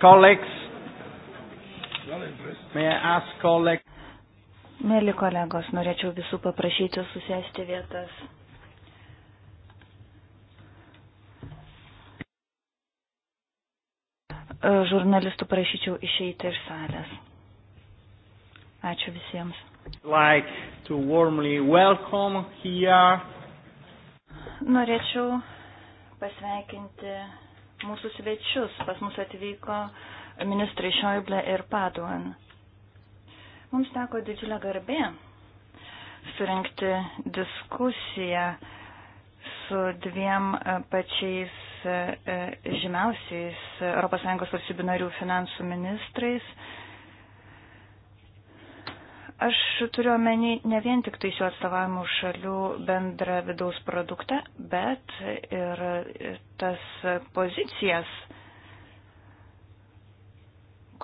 Colleagues, may I ask colleagues? Mėly kolegos, norėčiau visų paprašyti susėsti vietas. E, žurnalistų prašyčiau išeiti iš salės. Ačiū visiems. Like to warmly welcome here. Norėčiau pasveikinti mūsų svečius. Pas mus atvyko ministrai Šoiblė ir Paduan. Mums teko didžiulė garbė surinkti diskusiją su dviem e, pačiais e, e, žymiausiais ES valstybių narių finansų ministrais Aš turiu omeny ne vien tik tai šių atstovavimų šalių bendrą vidaus produktą, bet ir tas pozicijas,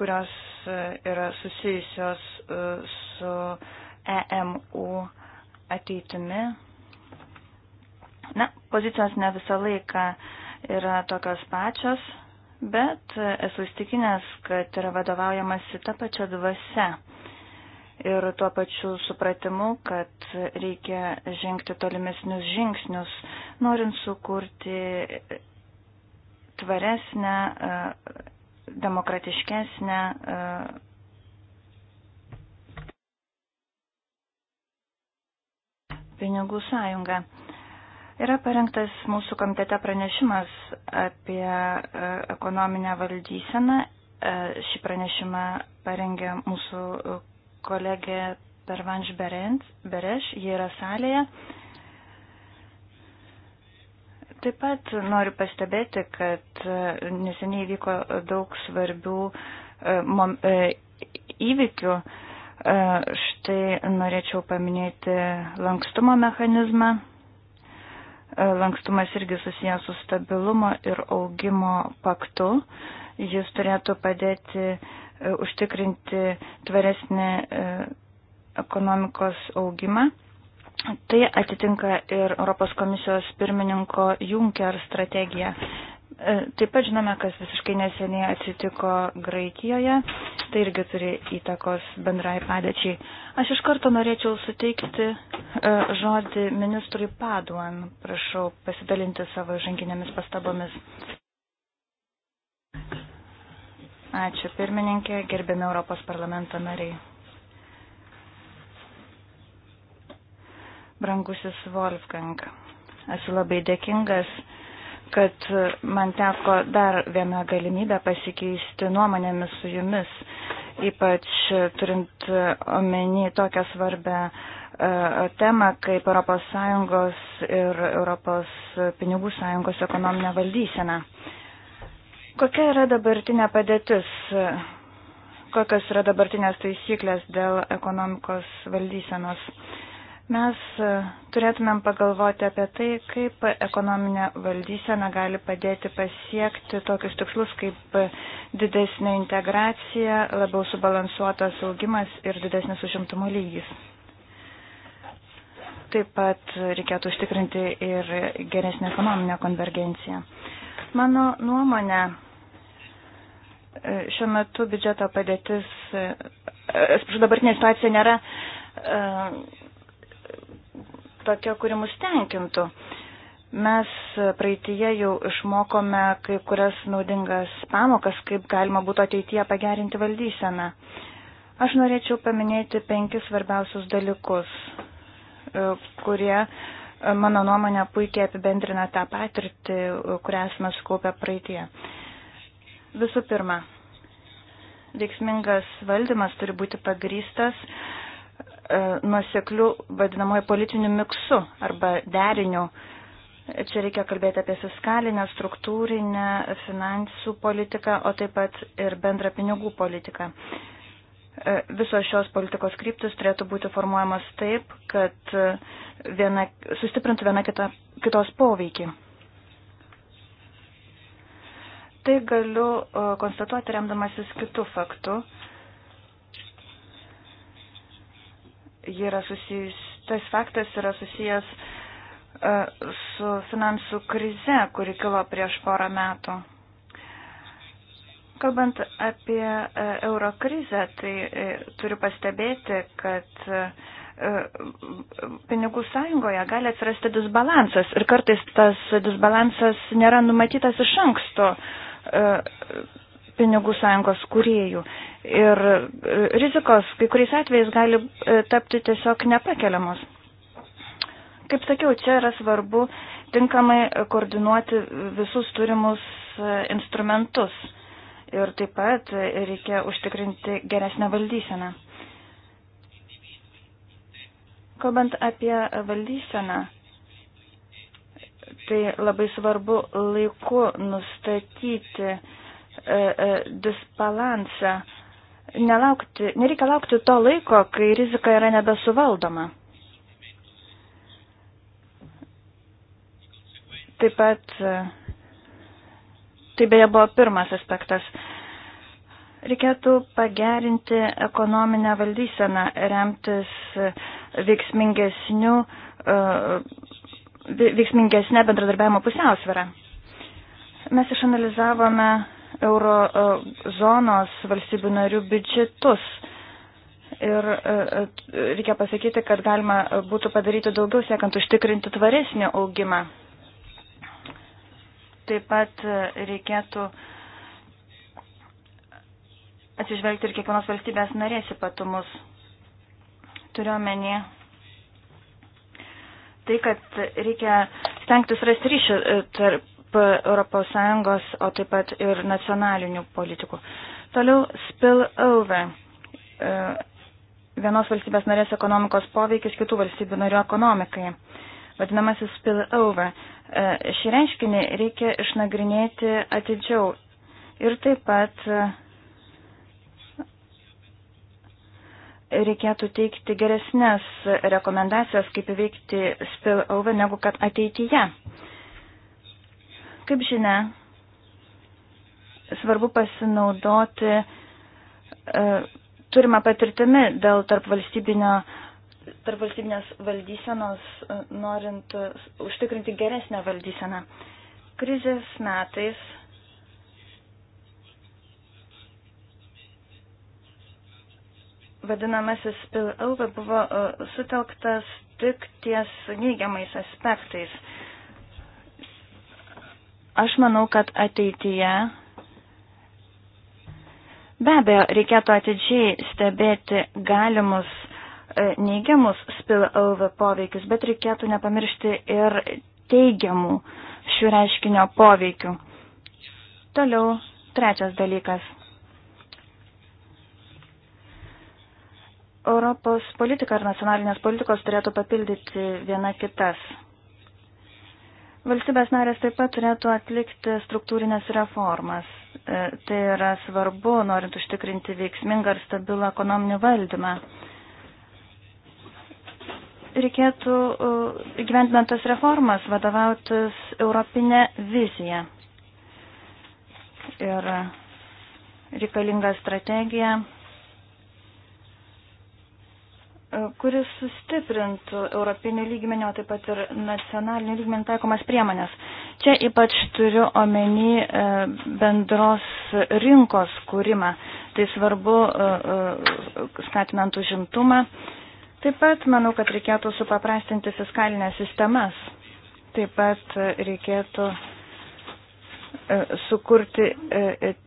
kurios yra susijusios e, su EMU ateitimi. Na, pozicijos ne visą laiką yra tokios pačios, bet esu įstikinęs, kad yra vadovaujamasi ta pačia dvasia ir tuo pačiu supratimu, kad reikia žengti tolimesnius žingsnius, norint sukurti tvaresnę, e, demokratiškesnę e, pinigų sąjungą. Yra parengtas mūsų komitete pranešimas apie e, ekonominę valdyseną. Šį pranešimą parengė mūsų kolegė Pervanš Bereš, jie yra salėje. Taip pat noriu pastebėti, kad e, neseniai vyko daug svarbių e, e, įvykių. Štai norėčiau paminėti lankstumo mechanizmą. Lankstumas irgi susijęs su stabilumo ir augimo paktu. Jis turėtų padėti uh, E, užtikrinti tvaresnį e, ekonomikos augimą. Tai atitinka ir Europos komisijos pirmininko Juncker strategija. E, taip pat žinome, kas visiškai neseniai atsitiko Graikijoje, tai irgi turi įtakos bendrai padėčiai. Aš iš karto norėčiau suteikti žodį ministrui Paduan, prašau pasidalinti savo žanginėmis pastabomis. Ačiū pirmininkė, gerbiami Europos parlamento nariai. Brangusis Wolfgang, esu labai dėkingas, kad man teko dar vieną galimybę pasikeisti nuomonėmis su jumis, ypač turint omeny tokią svarbę e, temą kaip ES ir ES pinigų sąjungos ekonominė valdysena. Kokia yra dabartinė padėtis? Kokios yra dabartinės taisyklės dėl ekonomikos valdysenos? Mes e, turėtumėm pagalvoti apie tai, kaip ekonominė valdysena gali padėti pasiekti tokius tikslus kaip didesnė integracija, labiau subalansuotas augimas ir didesnis užimtumo lygis taip pat reikėtų užtikrinti ir geresnę ekonominę konvergenciją. Mano nuomonė, E, šiuo metu biudžeto padėtis, e, e, atsiprašau, dabartinė situacija nėra tokia, kuri mus tenkintų. Mes praeitie jau išmokome kai kurias naudingas pamokas, kaip galima būtų ateityje pagerinti valdyseną. Aš norėčiau paminėti penkis svarbiausius dalykus, kurie, mano nuomonė, puikiai apibendrina tą patirtį, kurią esame sukaupę praeitie. Visų pirma, veiksmingas valdymas turi būti pagrystas e, nuoseklių vadinamoji politiniu miksu arba deriniu. Čia reikia kalbėti apie fiskalinę, struktūrinę, finansų politiką, o taip pat ir bendrą pinigų politiką. E, visos šios politikos kryptis turėtų būti formuojamas taip, kad viena, sustiprintų viena kita, kitos poveikį. Tai galiu e, konstatuoti remdamasis kitų faktų. Jie yra susijus, tas faktas yra susijęs e, su finansų krize, kuri kilo prieš porą metų. Kalbant apie e, euro krizę, tai turiu pastebėti, kad pinigų sąjungoje gali atsirasti disbalansas ir kartais tas disbalansas nėra numatytas iš anksto. Uh, E, pinigų sąjungos kuriejų. Ir e, rizikos kai kuriais atvejais gali e, tapti tiesiog nepakeliamos. Kaip sakiau, čia yra svarbu tinkamai koordinuoti visus turimus instrumentus ir taip pat reikia užtikrinti geresnę valdyseną. Kalbant apie valdyseną, tai labai svarbu laiku nustatyti e, e, disbalansą. Nelaukti, nereikia laukti to laiko, kai rizika yra nebesuvaldoma. Taip pat, e, tai beje buvo pirmas aspektas, reikėtų pagerinti ekonominę valdyseną, remtis e, veiksmingesnių e, veiksmingesnė bendradarbiavimo pusiausvėra. Mes išanalizavome eurozonos e, valstybių narių biudžetus ir e, e, reikia pasakyti, kad galima būtų padaryti daugiau, siekiant užtikrinti tvaresnį augimą. Taip pat reikėtų atsižvelgti ir kiekvienos valstybės narės ypatumus. Turiuomenį tai, kad reikia stengtis rasti ryšį e, tarp ES, o taip pat ir nacionalinių politikų. Toliau spill over. E, vienos valstybės narės ekonomikos poveikis kitų valstybių narių ekonomikai. Vadinamasis spill over. E, šį reiškinį reikia išnagrinėti atidžiau ir taip pat reikėtų teikti geresnės rekomendacijas, kaip įveikti spillover, negu kad ateityje. Kaip žinia, svarbu pasinaudoti e, turimą patirtimi dėl tarpvalstybinio tarpvalstybinės valdysenos, e, norint užtikrinti geresnę valdyseną. Krizės metais vadinamasis spillover buvo e, sutelktas tik ties neigiamais aspektais. Aš manau, kad ateityje be abejo reikėtų atidžiai stebėti galimus e, neigiamus spillover poveikius, bet reikėtų nepamiršti ir teigiamų šių reiškinio poveikių. Toliau trečias dalykas Europos politika ir nacionalinės politikos turėtų papildyti viena kitas. Valstybės narės taip pat turėtų atlikti struktūrinės reformas. E, tai yra svarbu, norint užtikrinti veiksmingą ir stabilą ekonominį valdymą. Reikėtų, e, gyventinant tas reformas, vadovautis europinė vizija. Ir reikalinga strategija kuris sustiprintų europinį lygmenį, o taip pat ir nacionalinį lygmenį taikomas priemonės. Čia ypač turiu omeny e, bendros rinkos kūrimą. Tai svarbu e, e, skatinant užimtumą. Taip pat manau, kad reikėtų supaprastinti fiskalinės sistemas. Taip pat reikėtų sukurti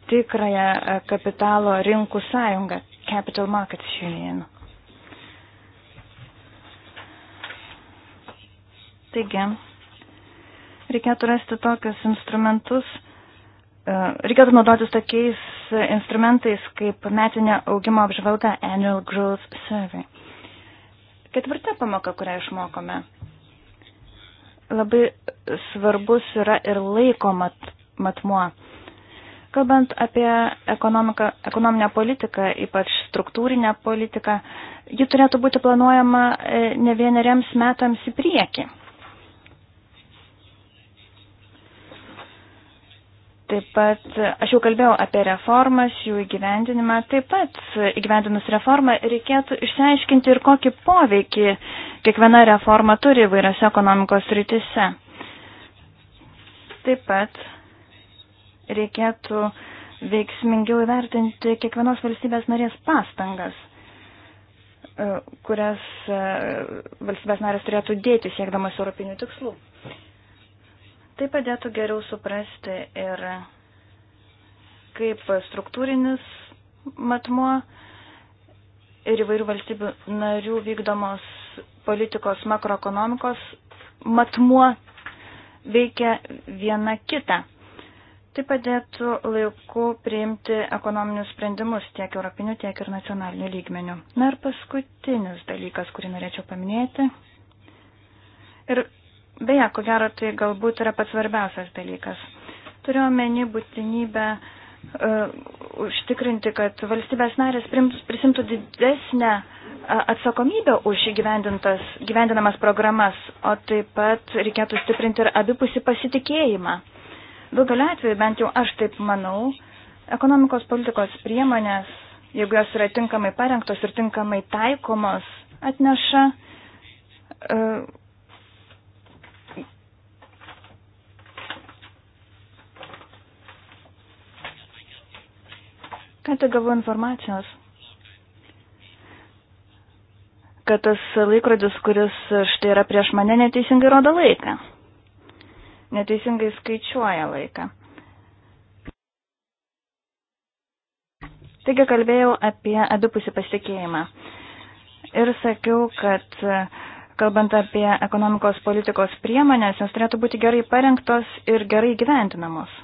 tikrąją kapitalo rinkų sąjungą, Capital Markets Union. Taigi, reikėtų rasti tokius instrumentus, e, reikėtų naudotis tokiais instrumentais kaip metinė augimo apžvalga Annual Growth Survey. Ketvirta pamoka, kurią išmokome. Labai svarbus yra ir laiko mat, matmuo. Kalbant apie ekonominę politiką, ypač struktūrinę politiką, ji turėtų būti planuojama e, ne vieneriems metams į priekį. Taip pat, aš jau kalbėjau apie reformas, jų įgyvendinimą. Taip pat, įgyvendinus reformą, reikėtų išsiaiškinti ir kokį poveikį kiekviena reforma turi įvairiose ekonomikos rytise. Taip pat, reikėtų veiksmingiau įvertinti kiekvienos valstybės narės pastangas, e, kurias e, valstybės narės turėtų dėti siekdamas europinių tikslų. Tai padėtų geriau suprasti ir kaip struktūrinis matmuo ir įvairių valstybių narių vykdomos politikos makroekonomikos matmuo veikia viena kita. Tai padėtų laiku priimti ekonominius sprendimus tiek europinių, tiek ir nacionalinių lygmenių. Na ir paskutinis dalykas, kurį norėčiau paminėti. Ir Beje, ko gero, tai galbūt yra pats svarbiausias dalykas. Turiu omeny būtinybę e, užtikrinti, kad valstybės narės prisimtų didesnę e, atsakomybę už gyvendinamas programas, o taip pat reikėtų stiprinti ir abipusį pasitikėjimą. Daugelio atveju, bent jau aš taip manau, ekonomikos politikos priemonės, jeigu jos yra tinkamai parengtos ir tinkamai taikomos, atneša uh, Ką tik gavau informacijos, kad tas laikrodis, kuris štai yra prieš mane, neteisingai rodo laiką. Neteisingai skaičiuoja laiką. Taigi kalbėjau apie abipusį pasitikėjimą. Ir sakiau, kad kalbant apie ekonomikos politikos priemonės, jos turėtų būti gerai parengtos ir gerai gyventinamos.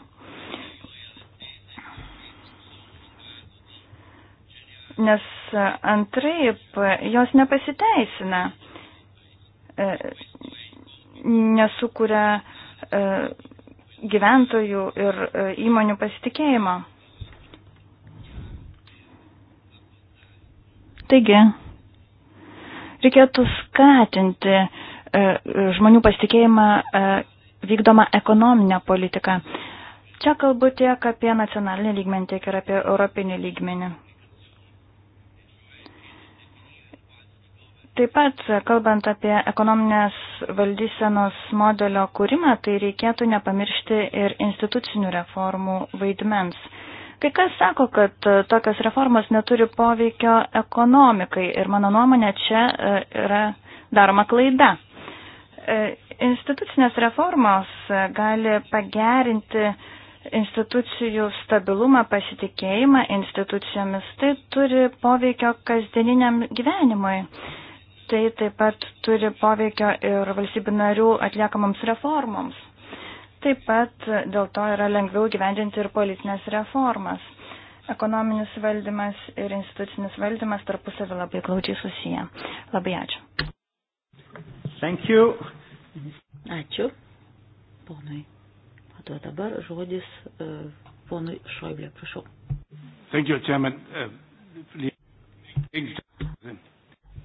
nes antraip jos nepasiteisina, e, nesukuria e, gyventojų ir e, įmonių pasitikėjimo. Taigi, reikėtų skatinti žmonių pasitikėjimą vykdomą ekonominę politiką. Čia kalbu tiek apie nacionalinį lygmenį, tiek ir apie europinį lygmenį. Taip pat, kalbant apie ekonominės valdysenos modelio kūrimą, tai reikėtų nepamiršti ir institucinių reformų vaidmens. Kai kas sako, kad e, tokios reformos neturi poveikio ekonomikai ir mano nuomonė čia e, yra daroma klaida. E, institucinės reformos gali pagerinti institucijų stabilumą, pasitikėjimą institucijomis. Tai turi poveikio kasdieniniam gyvenimui tai taip pat turi poveikio ir valstybių narių atliekamoms reformoms. Taip pat dėl to yra lengviau gyvendinti ir politinės reformas. Ekonominis valdymas ir institucinis valdymas tarpusavį labai glaudžiai susiję. Labai ačiū. Thank you. Ačiū. Ponui. Matau dabar žodis uh, ponui Šoiblė, prašau. Thank you, Chairman. Uh,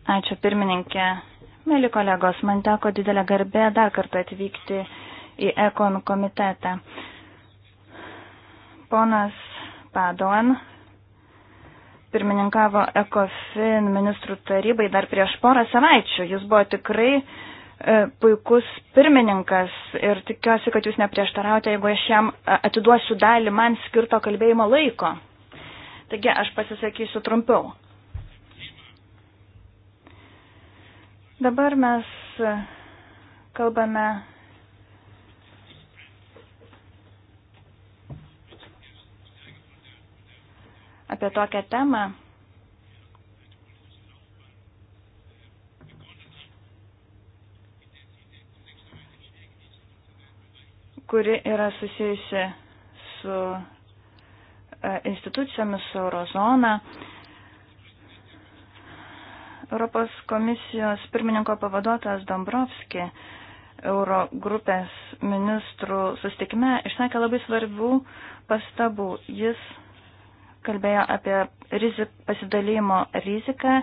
Ačiū pirmininkė. Mėly kolegos, man teko didelę garbę dar kartą atvykti į Ekon komitetą. Ponas Padoan pirmininkavo Ekofin ministrų tarybai dar prieš porą savaičių. Jis buvo tikrai e, puikus pirmininkas ir tikiuosi, kad jūs neprieštaraujate, jeigu aš jam e, atiduosiu dalį man skirto kalbėjimo laiko. Taigi aš pasisakysiu trumpiau. Dabar mes kalbame apie tokią temą, kuri yra susijusi su e, institucijomis, su eurozona. Europos komisijos pirmininko pavaduotojas Dombrovski Euro grupės ministrų sustikime išsakė labai svarbių pastabų. Jis kalbėjo apie rizik, pasidalymo riziką,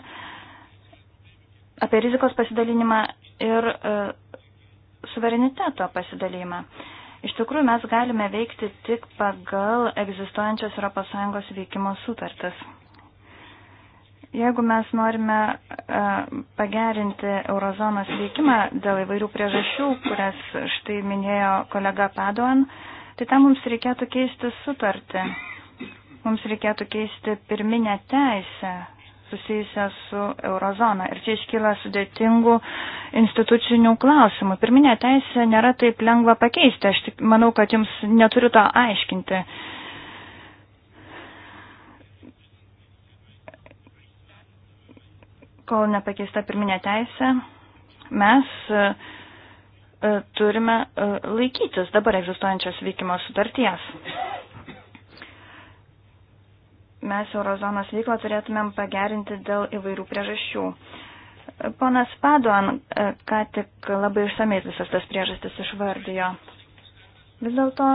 apie rizikos pasidalinimą ir e, suvereniteto pasidalymą. Iš tikrųjų, mes galime veikti tik pagal egzistuojančias ES veikimo sutartis. Jeigu mes norime e, pagerinti eurozonos veikimą dėl įvairių priežasčių, kurias štai minėjo kolega Padoan, tai tam mums reikėtų keisti sutartį. Mums reikėtų keisti pirminę teisę susijusią su eurozona. Ir čia iškyla sudėtingų institucinių klausimų. Pirminė teisė nėra taip lengva pakeisti. Aš tik manau, kad jums neturiu to aiškinti. Uh, kol nepakeista pirminė teisė, mes e, e, turime e, laikytis dabar egzistuojančios veikimo sutarties. Mes eurozonos veiklą turėtumėm pagerinti dėl įvairių priežasčių. Ponas Paduan ką tik labai išsamei visas tas priežastis išvardijo. Vis dėlto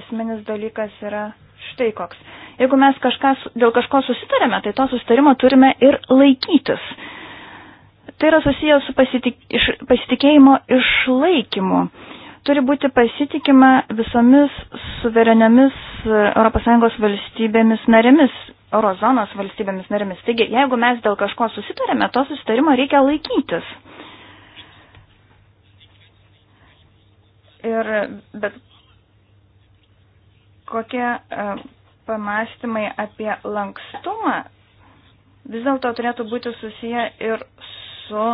esminis dalykas yra štai koks. Jeigu mes kažkas, dėl kažko susitarėme, tai to susitarimo turime ir laikytis. Tai yra susijęs su pasitik, iš, pasitikėjimo išlaikymu. Turi būti pasitikima visomis suvereniomis ES valstybėmis narėmis, eurozonos valstybėmis narėmis. Taigi, jeigu mes dėl kažko susitarėme, to susitarimo reikia laikytis. Ir bet kokie e, pamastymai apie lankstumą vis dėlto turėtų būti susiję ir su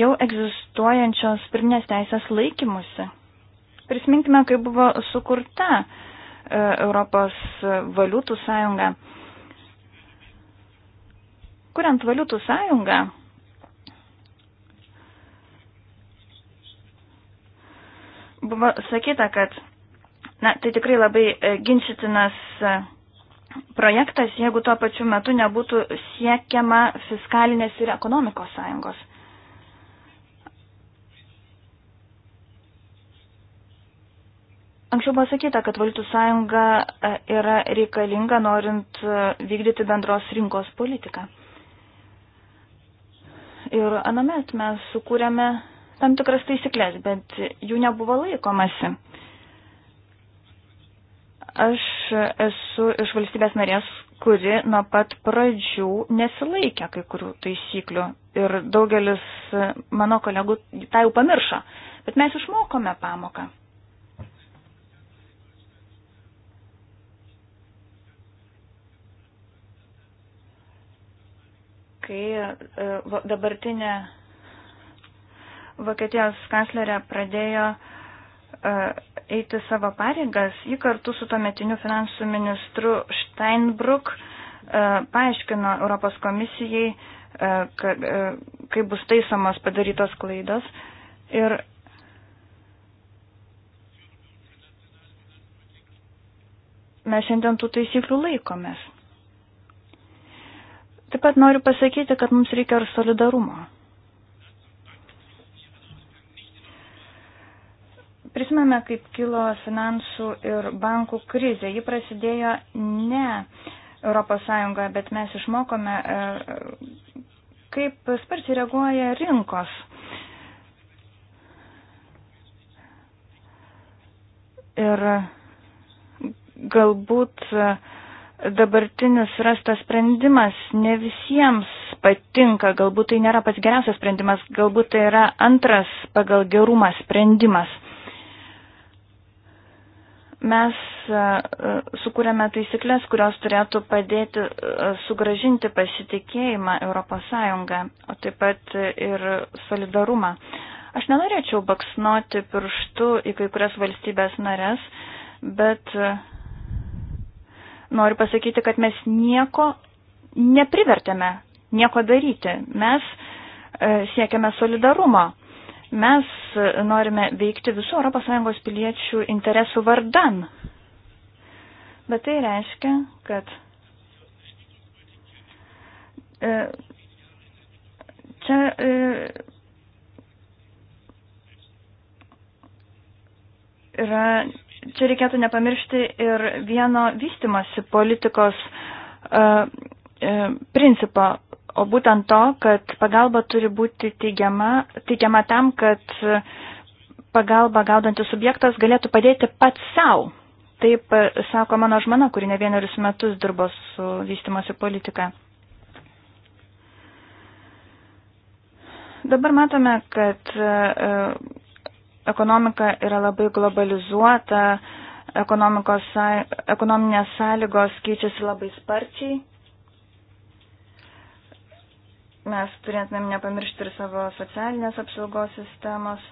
jau egzistuojančios pirminės teisės laikymusi. Prisiminkime, kai buvo sukurta e, Europos valiutų sąjunga. Kuriant valiutų sąjungą, buvo sakyta, kad Na, tai tikrai labai e, ginčytinas e, projektas, jeigu tuo pačiu metu nebūtų siekiama fiskalinės ir ekonomikos sąjungos. Anksčiau buvo sakyta, kad valiutų sąjunga e, yra reikalinga norint vykdyti bendros rinkos politiką. Ir anamet mes sukūrėme tam tikras taisyklės, bet jų nebuvo laikomasi. Aš esu iš valstybės narės, kuri nuo pat pradžių nesilaikė kai kurių taisyklių ir daugelis mano kolegų tą jau pamiršo, bet mes išmokome pamoką. Kai e, dabartinė Vokietijos kanclerė pradėjo uh, E, eiti savo pareigas, ji kartu su tuometiniu finansų ministru Steinbrück e, paaiškino Europos komisijai, e, kaip bus taisomos padarytos klaidos. Ir mes šiandien tų taisyklių laikomės. Taip pat noriu pasakyti, kad mums reikia ir solidarumo. Prisimame, kaip kilo finansų ir bankų krizė. Ji prasidėjo ne ES, bet mes išmokome, e, kaip sparčiai reaguoja rinkos. Ir galbūt e, dabartinis rastas sprendimas ne visiems patinka, galbūt tai nėra pats geriausias sprendimas, galbūt tai yra antras pagal gerumą sprendimas. Mes e, e, sukūrėme taisyklės, kurios turėtų padėti e, sugražinti pasitikėjimą ES, o taip pat ir solidarumą. Aš nenorėčiau baksnuoti pirštų į kai kurias valstybės narės, bet noriu pasakyti, kad mes nieko neprivertėme, nieko daryti. Mes siekiame solidarumo. Mes norime veikti visų ES piliečių interesų vardan. Bet tai reiškia, kad e, čia e, yra, čia reikėtų nepamiršti ir vieno vystimosi politikos e, principo. O būtent to, kad pagalba turi būti teigiama, teigiama tam, kad pagalba gaudantis subjektas galėtų padėti pats savo. Taip e, sako mano žmona, kuri ne vienerius metus dirbo su vystimosi politika. Dabar matome, kad e, e, ekonomika yra labai globalizuota, ekonomikos, ekonominės sąlygos keičiasi labai sparčiai mes turėtumėm nepamiršti ir savo socialinės apsaugos sistemos.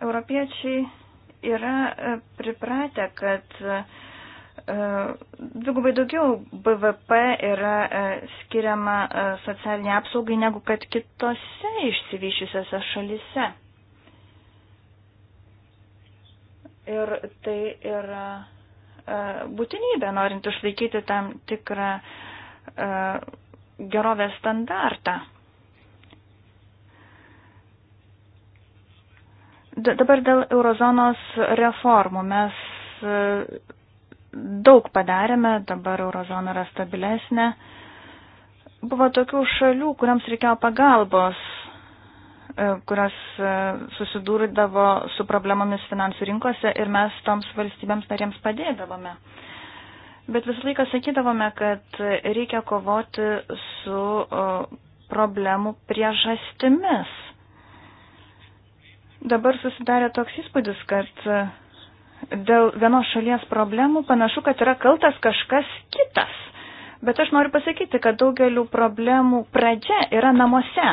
Europiečiai yra e, pripratę, kad e, dvigubai daugiau BVP yra e, skiriama socialiniai apsaugai negu kad kitose išsivyšiusiose šalise. Ir tai yra būtinybė, norint išlaikyti tam tikrą uh, E, gerovės standartą. Dabar dėl eurozonos reformų. Mes e, daug padarėme, dabar eurozona yra stabilesnė. Buvo tokių šalių, kuriams reikėjo pagalbos, e, kurios susidūrydavo su problemomis finansų rinkose ir mes toms valstybėms narėms padėdavome. Bet visą laiką sakydavome, kad reikia kovoti su problemų priežastimis. Dabar susidarė toks įspūdis, kad e, dėl vienos šalies problemų panašu, kad yra kaltas kažkas kitas. Bet aš noriu pasakyti, kad daugelių problemų pradžia yra namuose.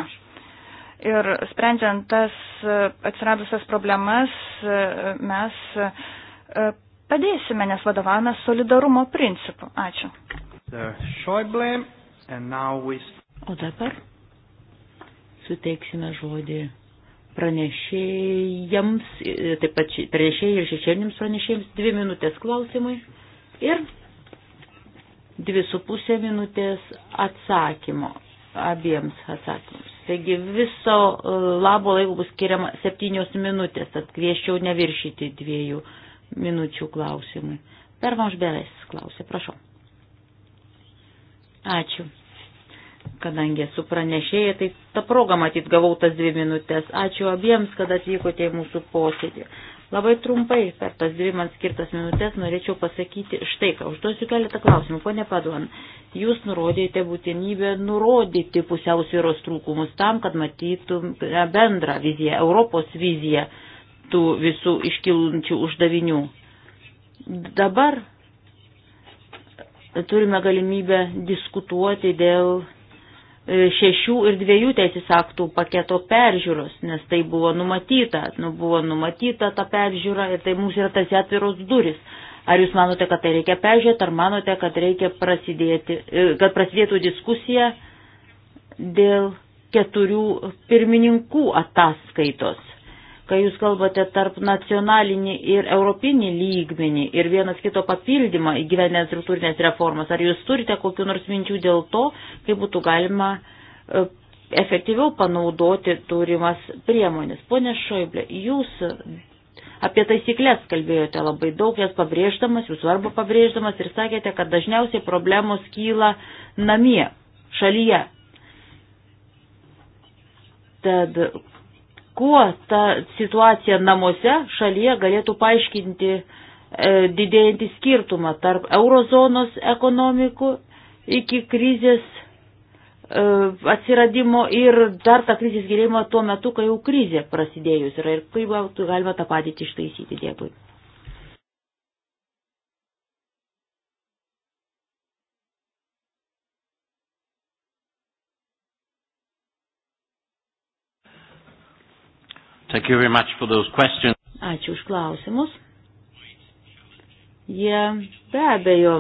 Ir sprendžiant tas e, atsiradusias problemas, e, mes padėsime, nes vadovavome solidarumo principu. Ačiū. Schäuble, we... O dabar suteiksime žodį pranešėjams, taip pat pranešėjai ir šešėlinims pranešėjams dvi minutės klausimui ir dvi su pusė minutės atsakymo, abiems atsakymams. Taigi viso e, labo laiko bus skiriama septynios minutės, tad kvieščiau neviršyti dviejų minučių klausimui. Per mažbelės klausė, prašau. Ačiū. Kadangi esu pranešėja, tai tą progą matyt gavau tas dvi minutės. Ačiū abiems, kad atvykote į mūsų posėdį. Labai trumpai per tas dvi man skirtas minutės norėčiau pasakyti štai ką. Užduosiu keletą klausimų. Pone Paduan, jūs nurodėte būtinybę nurodyti pusiausvėros trūkumus tam, kad matytum bendrą viziją, Europos viziją tų visų iškilančių uždavinių. Dabar turime galimybę diskutuoti dėl e, šešių ir dviejų teisės aktų paketo peržiūros, nes tai buvo numatyta, nu, buvo numatyta ta peržiūra ir tai mums yra tarsi atviros duris. Ar jūs manote, kad tai reikia peržiūrėti, ar manote, kad reikia prasidėti, e, kad prasidėtų diskusija dėl keturių pirmininkų ataskaitos? kai jūs kalbate tarp nacionalinį ir europinį lygmenį ir vienas kito papildymą įgyvenę struktūrinės reformas, ar jūs turite kokiu nors minčių dėl to, kaip būtų galima e, efektyviau panaudoti turimas priemonės. Pone Šoiblė, jūs apie taisyklės kalbėjote labai daug, jas pabrėždamas, jūs svarbu pabrėždamas ir sakėte, kad dažniausiai problemos kyla namie, šalyje. Tad Kuo ta situacija namuose šalyje galėtų paaiškinti e, didėjantį skirtumą tarp eurozonos ekonomikų iki krizės e, atsiradimo ir dar tą krizės gerėjimą tuo metu, kai jau krizė prasidėjus yra ir kaip galima tą padėtį ištaisyti. Dėkui. Thank you very much for those questions. Ačiū už klausimus. Jie be abejo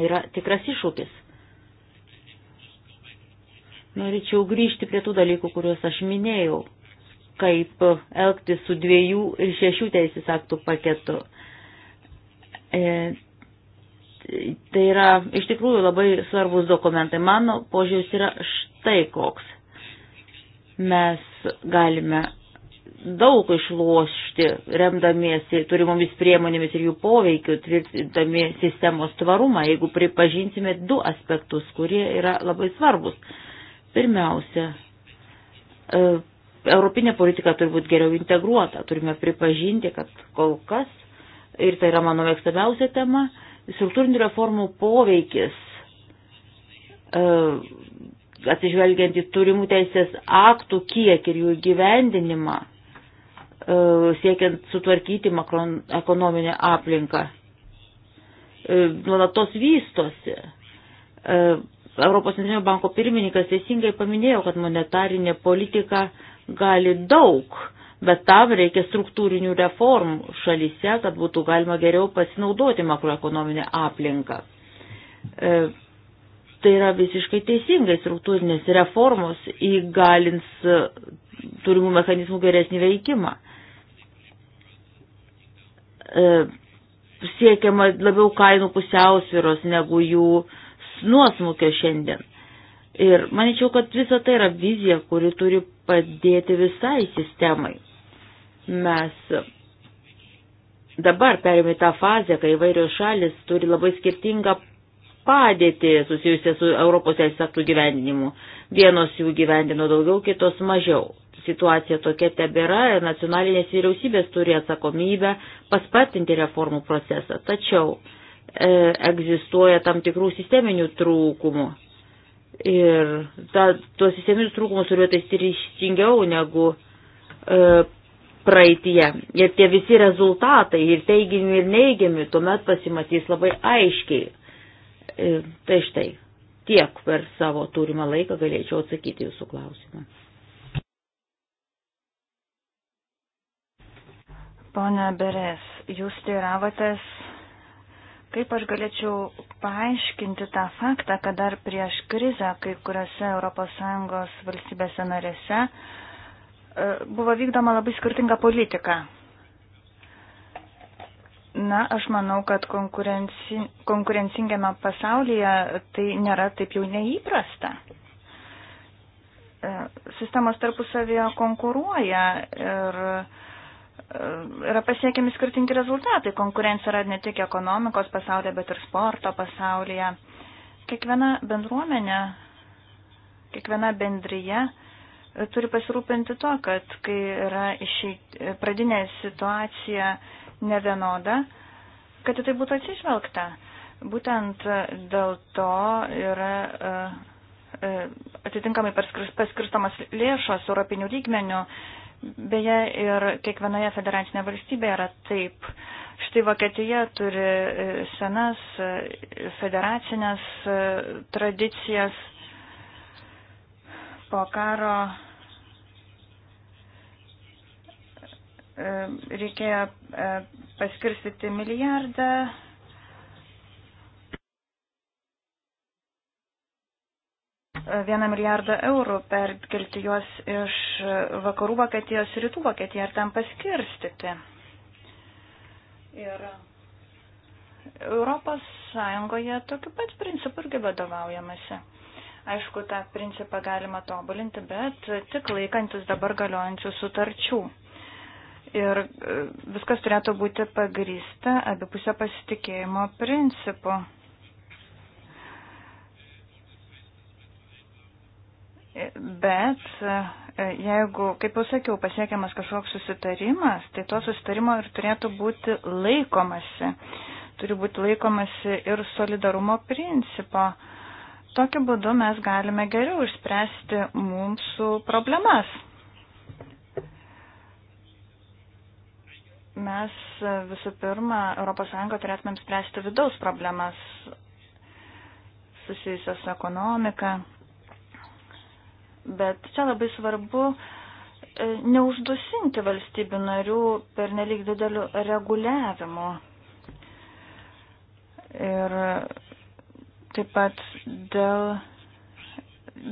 yra tikras iššūkis. Norėčiau grįžti prie tų dalykų, kuriuos aš minėjau, kaip elgtis su dviejų ir šešių teisės aktų paketu. E, tai yra iš tikrųjų labai svarbus dokumentai. Mano požiūris yra štai koks. Mes galime daug išlošti, remdamiesi turimomis priemonėmis ir jų poveikiu, tvirtindami sistemos tvarumą, jeigu pripažinsime du aspektus, kurie yra labai svarbus. Pirmiausia, e, europinė politika turi būti geriau integruota, turime pripažinti, kad kol kas, ir tai yra mano mėgstamiausia tema, struktūrinių reformų poveikis e, atsižvelgiant į turimų teisės aktų kiek ir jų gyvendinimą E, siekiant sutvarkyti makroekonominę aplinką. E, nuolatos vystosi. E, Europos centrinio banko pirmininkas teisingai paminėjo, kad monetarinė politika gali daug, bet tam reikia struktūrinių reformų šalyse, kad būtų galima geriau pasinaudoti makroekonominę aplinką. E, tai yra visiškai teisingai, struktūrinės reformos įgalins turimų mechanizmų geresnį veikimą. E, siekiama labiau kainų pusiausviros negu jų nuosmukio šiandien. Ir manyčiau, kad visa tai yra vizija, kuri turi padėti visai sistemai. Mes dabar perėmė tą fazę, kai vairios šalis turi labai skirtingą padėtį susijusią su Europos teisės aktų gyvendinimu. Vienos jų gyvendino daugiau, kitos mažiau. Situacija tokia tebėra ir nacionalinės vyriausybės turi atsakomybę paspartinti reformų procesą. Tačiau e, egzistuoja tam tikrų sisteminių trūkumų. Ir ta, tuos sisteminius trūkumus turiu taisti ryštingiau negu e, praeitie. Ir tie visi rezultatai, ir teigiami, ir neigiami, tuomet pasimatys labai aiškiai. E, tai štai tiek per savo turimą laiką galėčiau atsakyti jūsų klausimą. Pone Beres, jūs teiravotės, kaip aš galėčiau paaiškinti tą faktą, kad dar prieš krizę kai kuriuose ES valstybėse narėse e, buvo vykdoma labai skirtinga politika. Na, aš manau, kad konkurenci... konkurencingiame pasaulyje tai nėra taip jau neįprasta. E, sistemos tarpusavėje konkuruoja ir e, yra pasiekiami skirtingi rezultatai. Konkurencija yra ne tik ekonomikos pasaulyje, bet ir sporto pasaulyje. Kiekviena bendruomenė, kiekviena bendryje turi pasirūpinti to, kad kai yra išeit, pradinė situacija, nevienoda, kad į tai būtų atsižvelgta. Būtent dėl to yra e, e, atitinkamai paskirstomas lėšos europinių lygmenių. Beje, ir kiekvienoje federacinėje valstybėje yra taip. Štai Vokietija turi e, senas federacinės tradicijas po karo reikėjo e, paskirstyti milijardą. Vieną milijardą eurų perkelti juos iš vakarų Vokietijos į rytų Vokietiją ir tam paskirstyti. Ir Europos Sąjungoje tokiu pat principu irgi vadovaujamasi. Aišku, tą principą galima tobulinti, bet tik laikantis dabar galiojančių sutarčių. Ir e, viskas turėtų būti pagrįsta abipusio pasitikėjimo principu. Bet e, jeigu, kaip jau sakiau, pasiekiamas kažkoks susitarimas, tai to susitarimo ir turėtų būti laikomasi. Turi būti laikomasi ir solidarumo principo. Tokiu būdu mes galime geriau išspręsti mūsų problemas. mes e, visų pirma ES turėtumėm spręsti vidaus problemas susijusios su ekonomika. Bet čia labai svarbu e, neuždusinti valstybių narių per nelik didelių reguliavimų. Ir taip pat dėl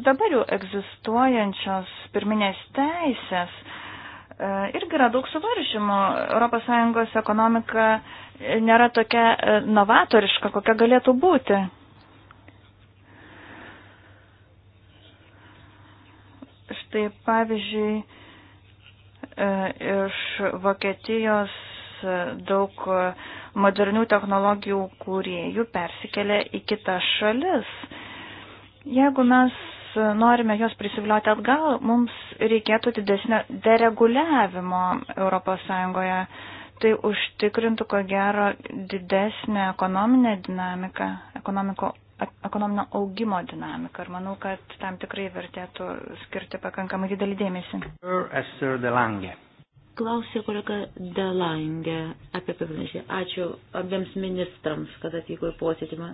dabar jau egzistuojančios pirminės teisės E, irgi yra daug suvaržymų. ES ekonomika nėra tokia e, novatoriška, kokia galėtų būti. Štai pavyzdžiui, e, iš Vokietijos daug modernių technologijų kūrėjų persikelia į kitas šalis. Jeigu mes norime juos prisivilioti atgal, mums reikėtų didesnio dereguliavimo ES. Tai užtikrintų, ko gero, didesnę ekonominę dinamiką, ekonominio augimo dinamiką. Ir manau, kad tam tikrai vertėtų skirti pakankamai didelį dėmesį. Klausė kolega Delangė apie apibrėžį. Ačiū abiems ministrams, kad atvyko į posėdį. Man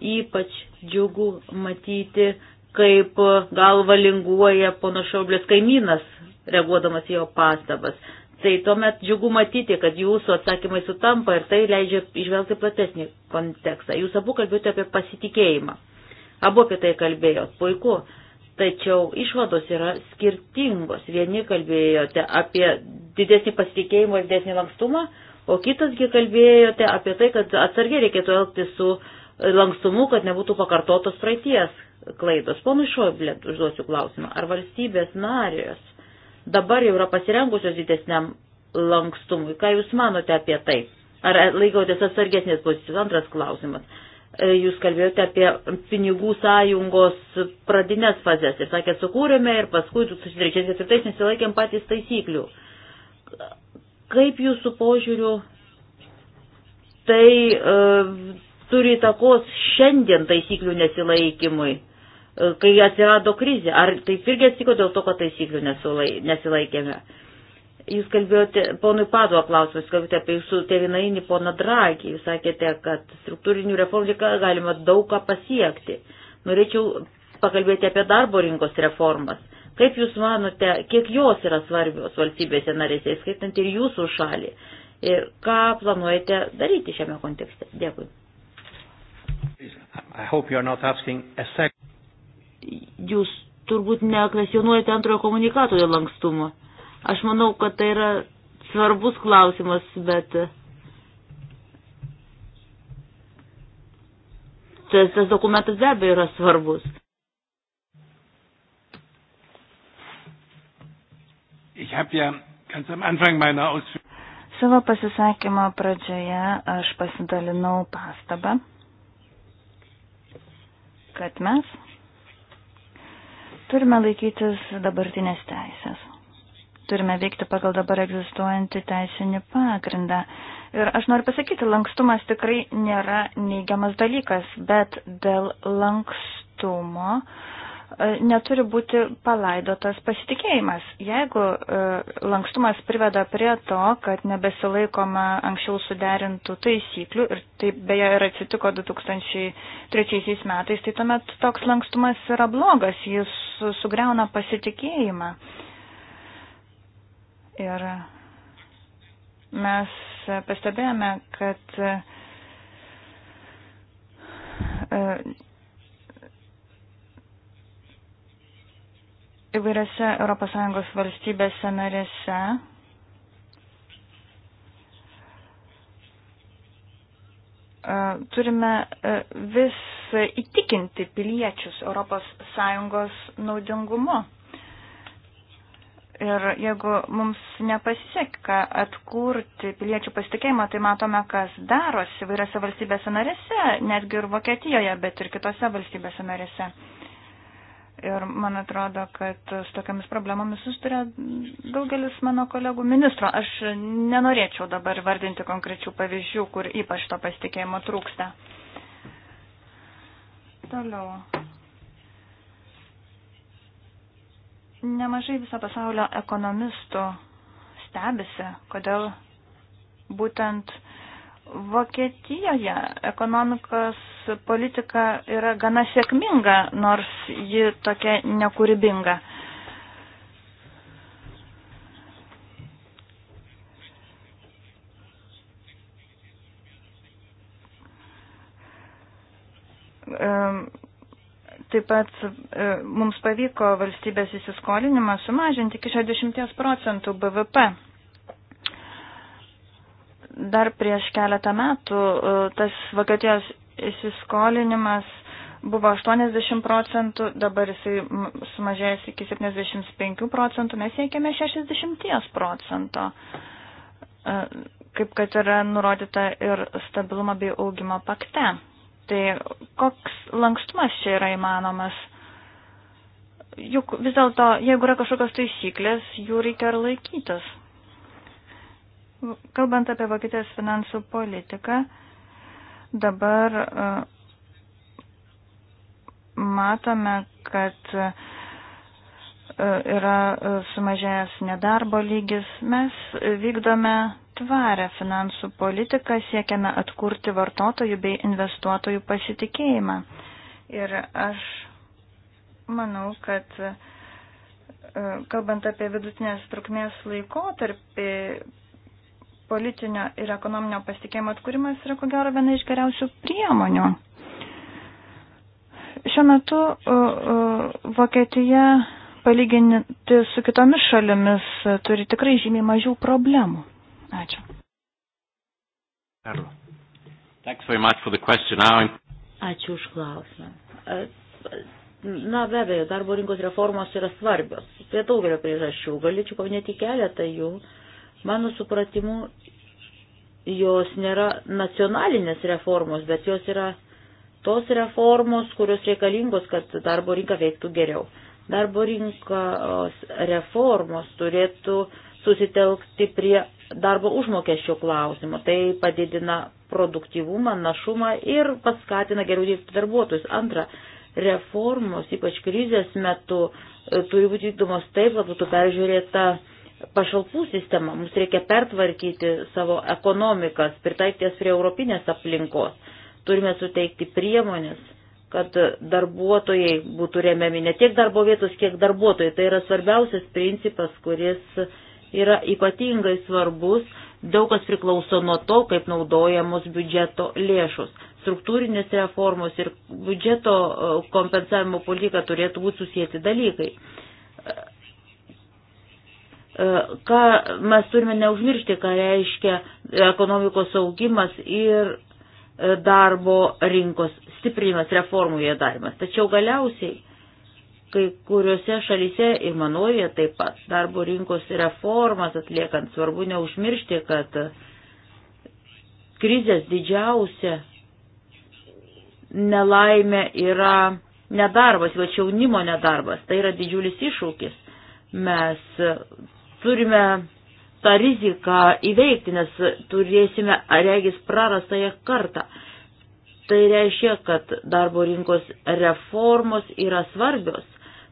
ypač džiugu matyti kaip galva linguoja pono Šaublės kaimynas, reaguodamas jo pastabas. Tai tuomet džiugu matyti, kad jūsų atsakymai sutampa ir tai leidžia išvelgti platesnį kontekstą. Jūs abu kalbėjote apie pasitikėjimą. Abu apie tai kalbėjot. Puiku. Tačiau išvados yra skirtingos. Vieni kalbėjote apie didesnį pasitikėjimą ir didesnį lankstumą, o kitasgi kalbėjote apie tai, kad atsargiai reikėtų elgti su lankstumu, kad nebūtų pakartotos praeities klaidos. Ponui Šoiblė užduosiu klausimą. Ar valstybės narės dabar jau yra pasirengusios didesniam lankstumui? Ką Jūs manote apie tai? Ar laikotės atsargesnės pozicijos? Antras klausimas. E, jūs kalbėjote apie pinigų sąjungos pradinės fazės ir sakė, sukūrėme ir paskui 2003-2004 nesilaikėm patys taisyklių. Kaip jūsų požiūriu tai e, turi takos šiandien taisyklių nesilaikymui? E, kai atsirado krizė. Ar taip irgi atsitiko dėl to, kad taisyklių nesilaikėme? Jūs kalbėjote, ponui Paduo klausimas, kalbėjote apie jūsų tevinainį poną Dragį, jūs sakėte, kad struktūrinių reformų dėka galima daug ką pasiekti. Norėčiau pakalbėti apie darbo rinkos reformas. Kaip Jūs manote, kiek jos yra svarbios valstybėse narėse, skaitant ir Jūsų šalį? Ir ką planuojate daryti šiame kontekste? Dėkui. Jūs turbūt nekvesionuojate antrojo komunikato dėl lankstumo. Aš manau, kad tai yra svarbus klausimas, bet e, tas, tas dokumentas be abejo yra svarbus. Ich habe ja ganz am Anfang meiner Ausführung. Savo pasisakymo pradžioje aš pasidalinau pastabą, kad mes Turime laikytis dabartinės teisės. Turime veikti pagal dabar egzistuojantį teisinį pagrindą. Ir aš noriu pasakyti, lankstumas tikrai nėra neigiamas dalykas, bet dėl lankstumo uh, E, neturi būti palaidotas pasitikėjimas. Jeigu e, lankstumas priveda prie to, kad nebesilaikoma anksčiau suderintų taisyklių, ir tai beje ir atsitiko 2003 metais, tai tuomet toks lankstumas yra blogas, jis sugriauna pasitikėjimą. Ir mes pastebėjome, kad e, įvairiose ES valstybėse narėse e, turime e, vis įtikinti piliečius ES naudingumu. Ir jeigu mums nepasiseka atkurti piliečių pasitikėjimą, tai matome, kas darosi vairiose valstybėse narėse, netgi ir Vokietijoje, bet ir kitose valstybėse narėse. Ir man atrodo, kad su tokiamis problemomis susturė daugelis mano kolegų ministro. Aš nenorėčiau dabar vardinti konkrečių pavyzdžių, kur ypač to pasitikėjimo trūksta. Toliau. Nemažai viso pasaulio ekonomistų stebisi, kodėl būtent uh, Vokietijoje ekonomikos politika yra gana sėkminga, nors ji tokia nekūrybinga. Taip pat e, mums pavyko valstybės įsiskolinimą sumažinti iki 60 procentų BVP dar prieš keletą metų e, tas Vokietijos įsiskolinimas buvo 80 procentų, dabar jisai sumažėjęs iki 75 procentų, mes siekėme 60 procento, e, kaip kad yra nurodyta ir stabilumo bei augimo pakte. Tai koks lankstumas čia yra įmanomas? Juk vis dėlto, jeigu yra kažkokios taisyklės, jų reikia ir laikytis. Kalbant apie Vokietijos finansų politiką, dabar e, matome, kad e, yra sumažėjęs nedarbo lygis. Mes vykdome tvarę finansų politiką, siekiame atkurti vartotojų bei investuotojų pasitikėjimą. Ir aš manau, kad e, kalbant apie vidutinės trukmės laikotarpį, politinio ir ekonominio pasitikėjimo atkūrimas yra ko gero viena iš geriausių priemonių. Šiuo metu Vokietija, palyginti su kitomis šalimis, turi tikrai žymiai mažiau problemų. Ačiū. Ačiū už klausimą. Na, be abejo, darbo rinkos reformos yra svarbios. Prie daugelio priežasčių. Galėčiau paminėti keletą jų. Tai Mano supratimu, jos nėra nacionalinės reformos, bet jos yra tos reformos, kurios reikalingos, kad darbo rinka veiktų geriau. Darbo rinkos reformos turėtų susitelkti prie darbo užmokesčio klausimo. Tai padidina produktyvumą, našumą ir paskatina geriau dirbti darbuotojus. Antra, reformos, ypač krizės metu, turi būti vykdomos taip, kad būtų peržiūrėta pašalpų sistemą, mums reikia pertvarkyti savo ekonomikas, pritaikties prie europinės aplinkos, turime suteikti priemonės, kad darbuotojai būtų remiami ne tiek darbo vietos, kiek darbuotojai. Tai yra svarbiausias principas, kuris yra ypatingai svarbus, daug kas priklauso nuo to, kaip naudojamos biudžeto lėšos. Struktūrinės reformos ir biudžeto kompensavimo politika turėtų būti susijęti dalykai ką mes turime neužmiršti, ką reiškia ekonomikos augimas ir e, darbo rinkos stiprinimas, reformų jie darimas. Tačiau galiausiai, kai kuriuose šalyse ir manoje taip pat darbo rinkos reformas atliekant, svarbu neužmiršti, kad krizės didžiausia nelaimė yra nedarbas, va čia jaunimo nedarbas, tai yra didžiulis iššūkis. Mes turime tą riziką įveikti, nes turėsime, regis, prarastąją kartą. Tai reiškia, kad darbo rinkos reformos yra svarbios,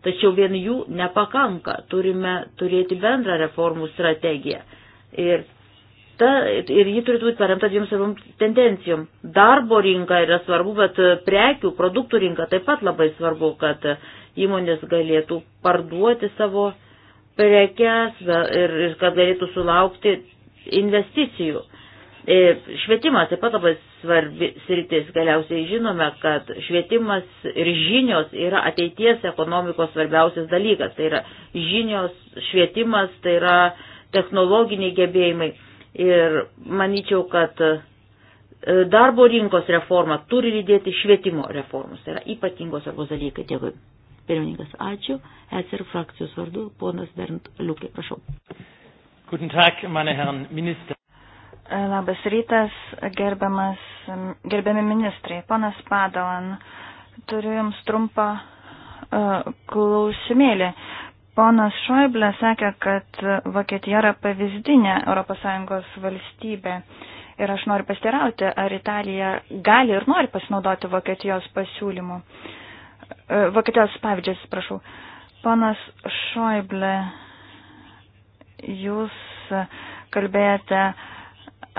tačiau vien jų nepakanka. Turime turėti bendrą reformų strategiją. Ir, ta, ir ji turi būti paremta dviem svarbiam tendencijom. Darbo rinka yra svarbu, bet prekių, produktų rinka taip pat labai svarbu, kad įmonės galėtų parduoti savo prekes ir, ir kad galėtų sulaukti investicijų. E, švietimas taip pat labai svarbi sritis. Galiausiai žinome, kad švietimas ir žinios yra ateities ekonomikos svarbiausias dalykas. Tai yra žinios, švietimas, tai yra technologiniai gebėjimai. Ir manyčiau, kad e, darbo rinkos reforma turi lydėti švietimo reformus. Tai yra ypatingos svarbus dalykai. Dėkui. Pirmininkas, ačiū. ECR frakcijos vardu, ponas Bernd Liukė, prašau. Guten Tag, meine Herren Minister. Labas rytas, gerbiamas, gerbiami ministrai. Ponas Padovan, turiu Jums trumpą uh, klausimėlį. Ponas Šoiblė sakė, kad Vokietija yra pavyzdinė ES valstybė. Ir aš noriu pastirauti, ar Italija gali ir nori pasinaudoti Vokietijos pasiūlymu. Uh, E, Vokietijos pavyzdžiais, prašau. Ponas Šoible, jūs kalbėjote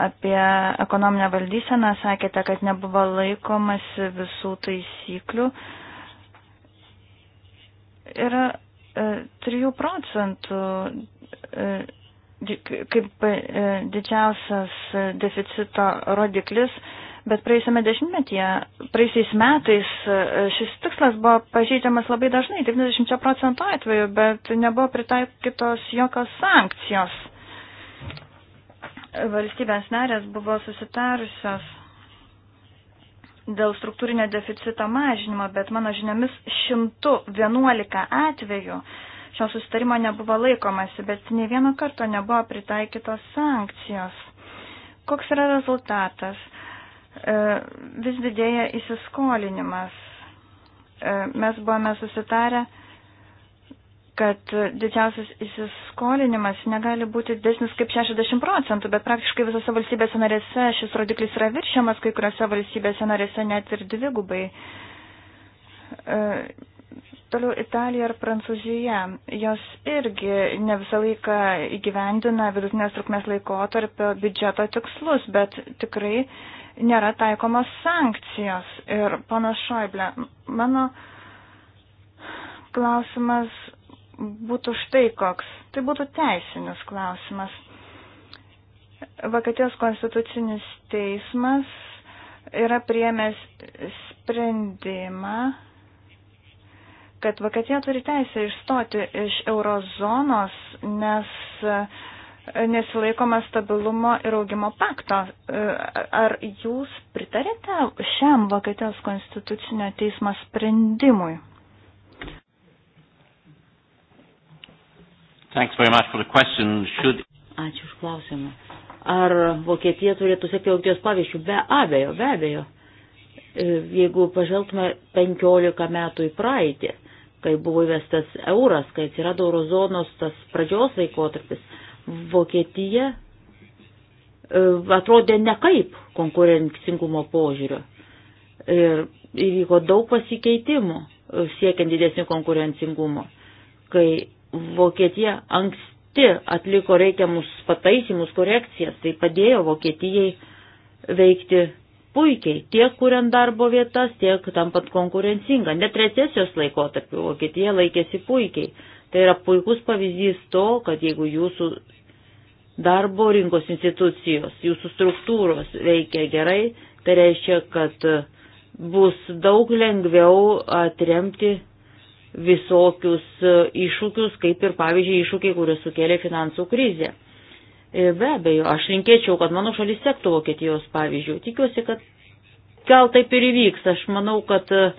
apie ekonominę valdyseną, sakėte, kad nebuvo laikomasi visų taisyklių. Yra 3 e, procentų e, kaip didžiausias deficito rodiklis Bet praėjusiame dešimtmetyje, praėjusiais metais e, šis tikslas buvo pažeidžiamas labai dažnai, 90 procentų atveju, bet nebuvo pritaikytos jokios sankcijos. Valstybės narės buvo susitarusios dėl struktūrinio deficito mažinimo, bet mano žiniomis 111 atveju šio susitarimo nebuvo laikomasi, bet ne vieno karto nebuvo pritaikytos sankcijos. Koks yra rezultatas? E, vis didėja įsiskolinimas. E, mes buvome susitarę, kad didžiausias įsiskolinimas negali būti didesnis kaip 60 procentų, bet praktiškai visose valstybėse narėse šis rodiklis yra viršiamas, kai kuriuose valstybėse narėse net ir dvigubai. E, toliau Italija ir Prancūzija. Jos irgi ne visą laiką įgyvendina vidutinės trukmės laikotarpio biudžeto tikslus, bet tikrai uh, nėra taikomos sankcijos. Ir pana Šoiblė, mano klausimas būtų štai koks. Tai būtų teisinis klausimas. Vokietijos konstitucinis teismas yra priemęs sprendimą, kad Vokietija turi teisę išstoti iš eurozonos, nes uh, nesilaikoma stabilumo ir augimo pakto. Ar jūs pritarėte šiam Vokietijos konstitucinio teismo sprendimui? Should... Ačiū už klausimą. Ar Vokietija turėtų sekti Vokietijos pavyzdžių? Be abejo, be abejo. E, jeigu pažvelgtume 15 metų į praeitį, kai buvo įvestas euras, kai atsirado eurozonos tas pradžios laikotarpis, Vokietija e, atrodė nekaip konkurencingumo požiūrio. Ir įvyko daug pasikeitimų e, siekiant didesnį konkurencingumą. Kai Vokietija anksti atliko reikiamus pataisimus, korekcijas, tai padėjo Vokietijai veikti puikiai, tiek kuriant darbo vietas, tiek tampant konkurencingą. Net recesijos laikotarpiu Vokietija laikėsi puikiai. Tai yra puikus pavyzdys to, kad jeigu jūsų darbo rinkos institucijos, jūsų struktūros veikia gerai, tai reiškia, kad bus daug lengviau atremti visokius iššūkius, kaip ir pavyzdžiui iššūkiai, kuriuos sukėlė finansų krizė. Ir e, be abejo, aš linkėčiau, kad mano šalis sektų Vokietijos pavyzdžių. Tikiuosi, kad gal taip ir įvyks. Aš manau, kad uh,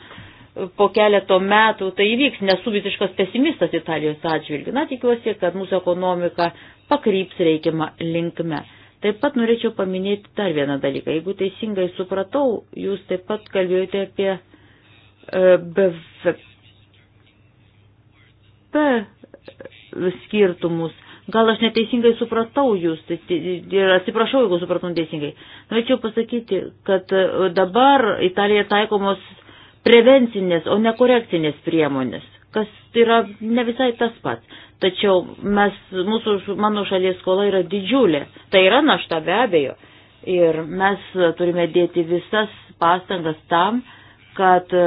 po keleto metų tai įvyks, nesu visiškas pesimistas Italijos atžvilgiu. Na, tikiuosi, kad mūsų ekonomika pakryps reikiamą linkme. Taip pat norėčiau paminėti dar vieną dalyką. Jeigu teisingai supratau, jūs taip pat kalbėjote apie e, BVP skirtumus. Gal aš neteisingai supratau jūs ir tai atsiprašau, jeigu supratau neteisingai. Norėčiau pasakyti, kad e, dabar Italija taikomos prevencinės, o ne korekcinės priemonės, kas yra ne visai tas pats. Tačiau mes, mūsų, mano šalies skola yra didžiulė, tai yra našta be abejo. Ir mes turime dėti visas pastangas tam, kad e,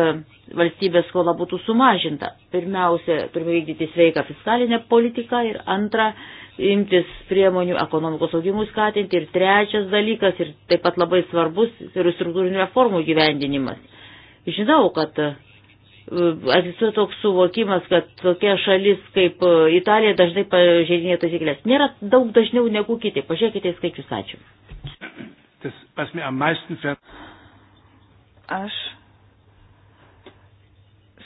valstybės skola būtų sumažinta. Pirmiausia, turime vykdyti sveiką fiskalinę politiką ir antra, imtis priemonių ekonomikos augimui skatinti ir trečias dalykas ir taip pat labai svarbus ir struktūrinių reformų gyvendinimas. Žinau, kad e, egzistuoja toks suvokimas, kad tokia šalis kaip e, Italija dažnai pažeidinė taisyklės. Nėra daug dažniau negu kiti. Pažiūrėkite į skaičius. Ačiū. Aš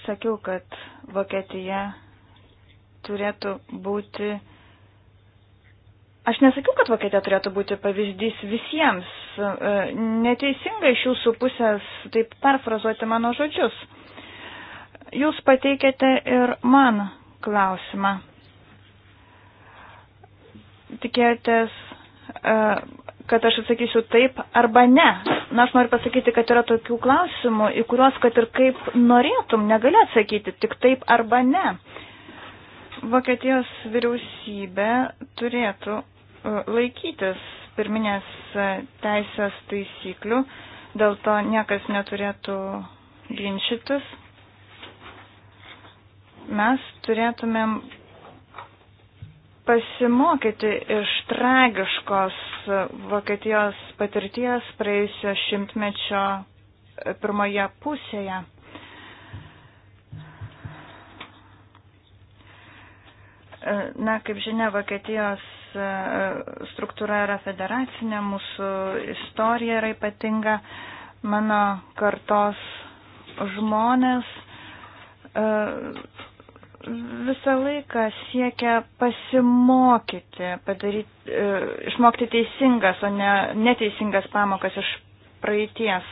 sakiau, kad Vokietija turėtų būti Aš nesakiau, kad Vokietija turėtų būti pavyzdys visiems. E, neteisinga iš jūsų pusės taip perfrazuoti mano žodžius. Jūs pateikėte ir man klausimą. Tikėjotės, e, kad aš atsakysiu taip arba ne. Na, aš noriu pasakyti, kad yra tokių klausimų, į kuriuos, kad ir kaip norėtum, negali atsakyti tik taip arba ne. Vokietijos vyriausybė turėtų laikytis pirminės teisės taisyklių, dėl to niekas neturėtų ginčytis. Mes turėtumėm pasimokyti iš tragiškos Vokietijos patirties praėjusio šimtmečio pirmoje pusėje. Na, kaip žinia, Vokietijos E, struktūra yra federacinė, mūsų istorija yra ypatinga, mano kartos žmonės e, visą laiką siekia pasimokyti, padaryti, e, išmokti teisingas, o ne neteisingas pamokas iš praeities.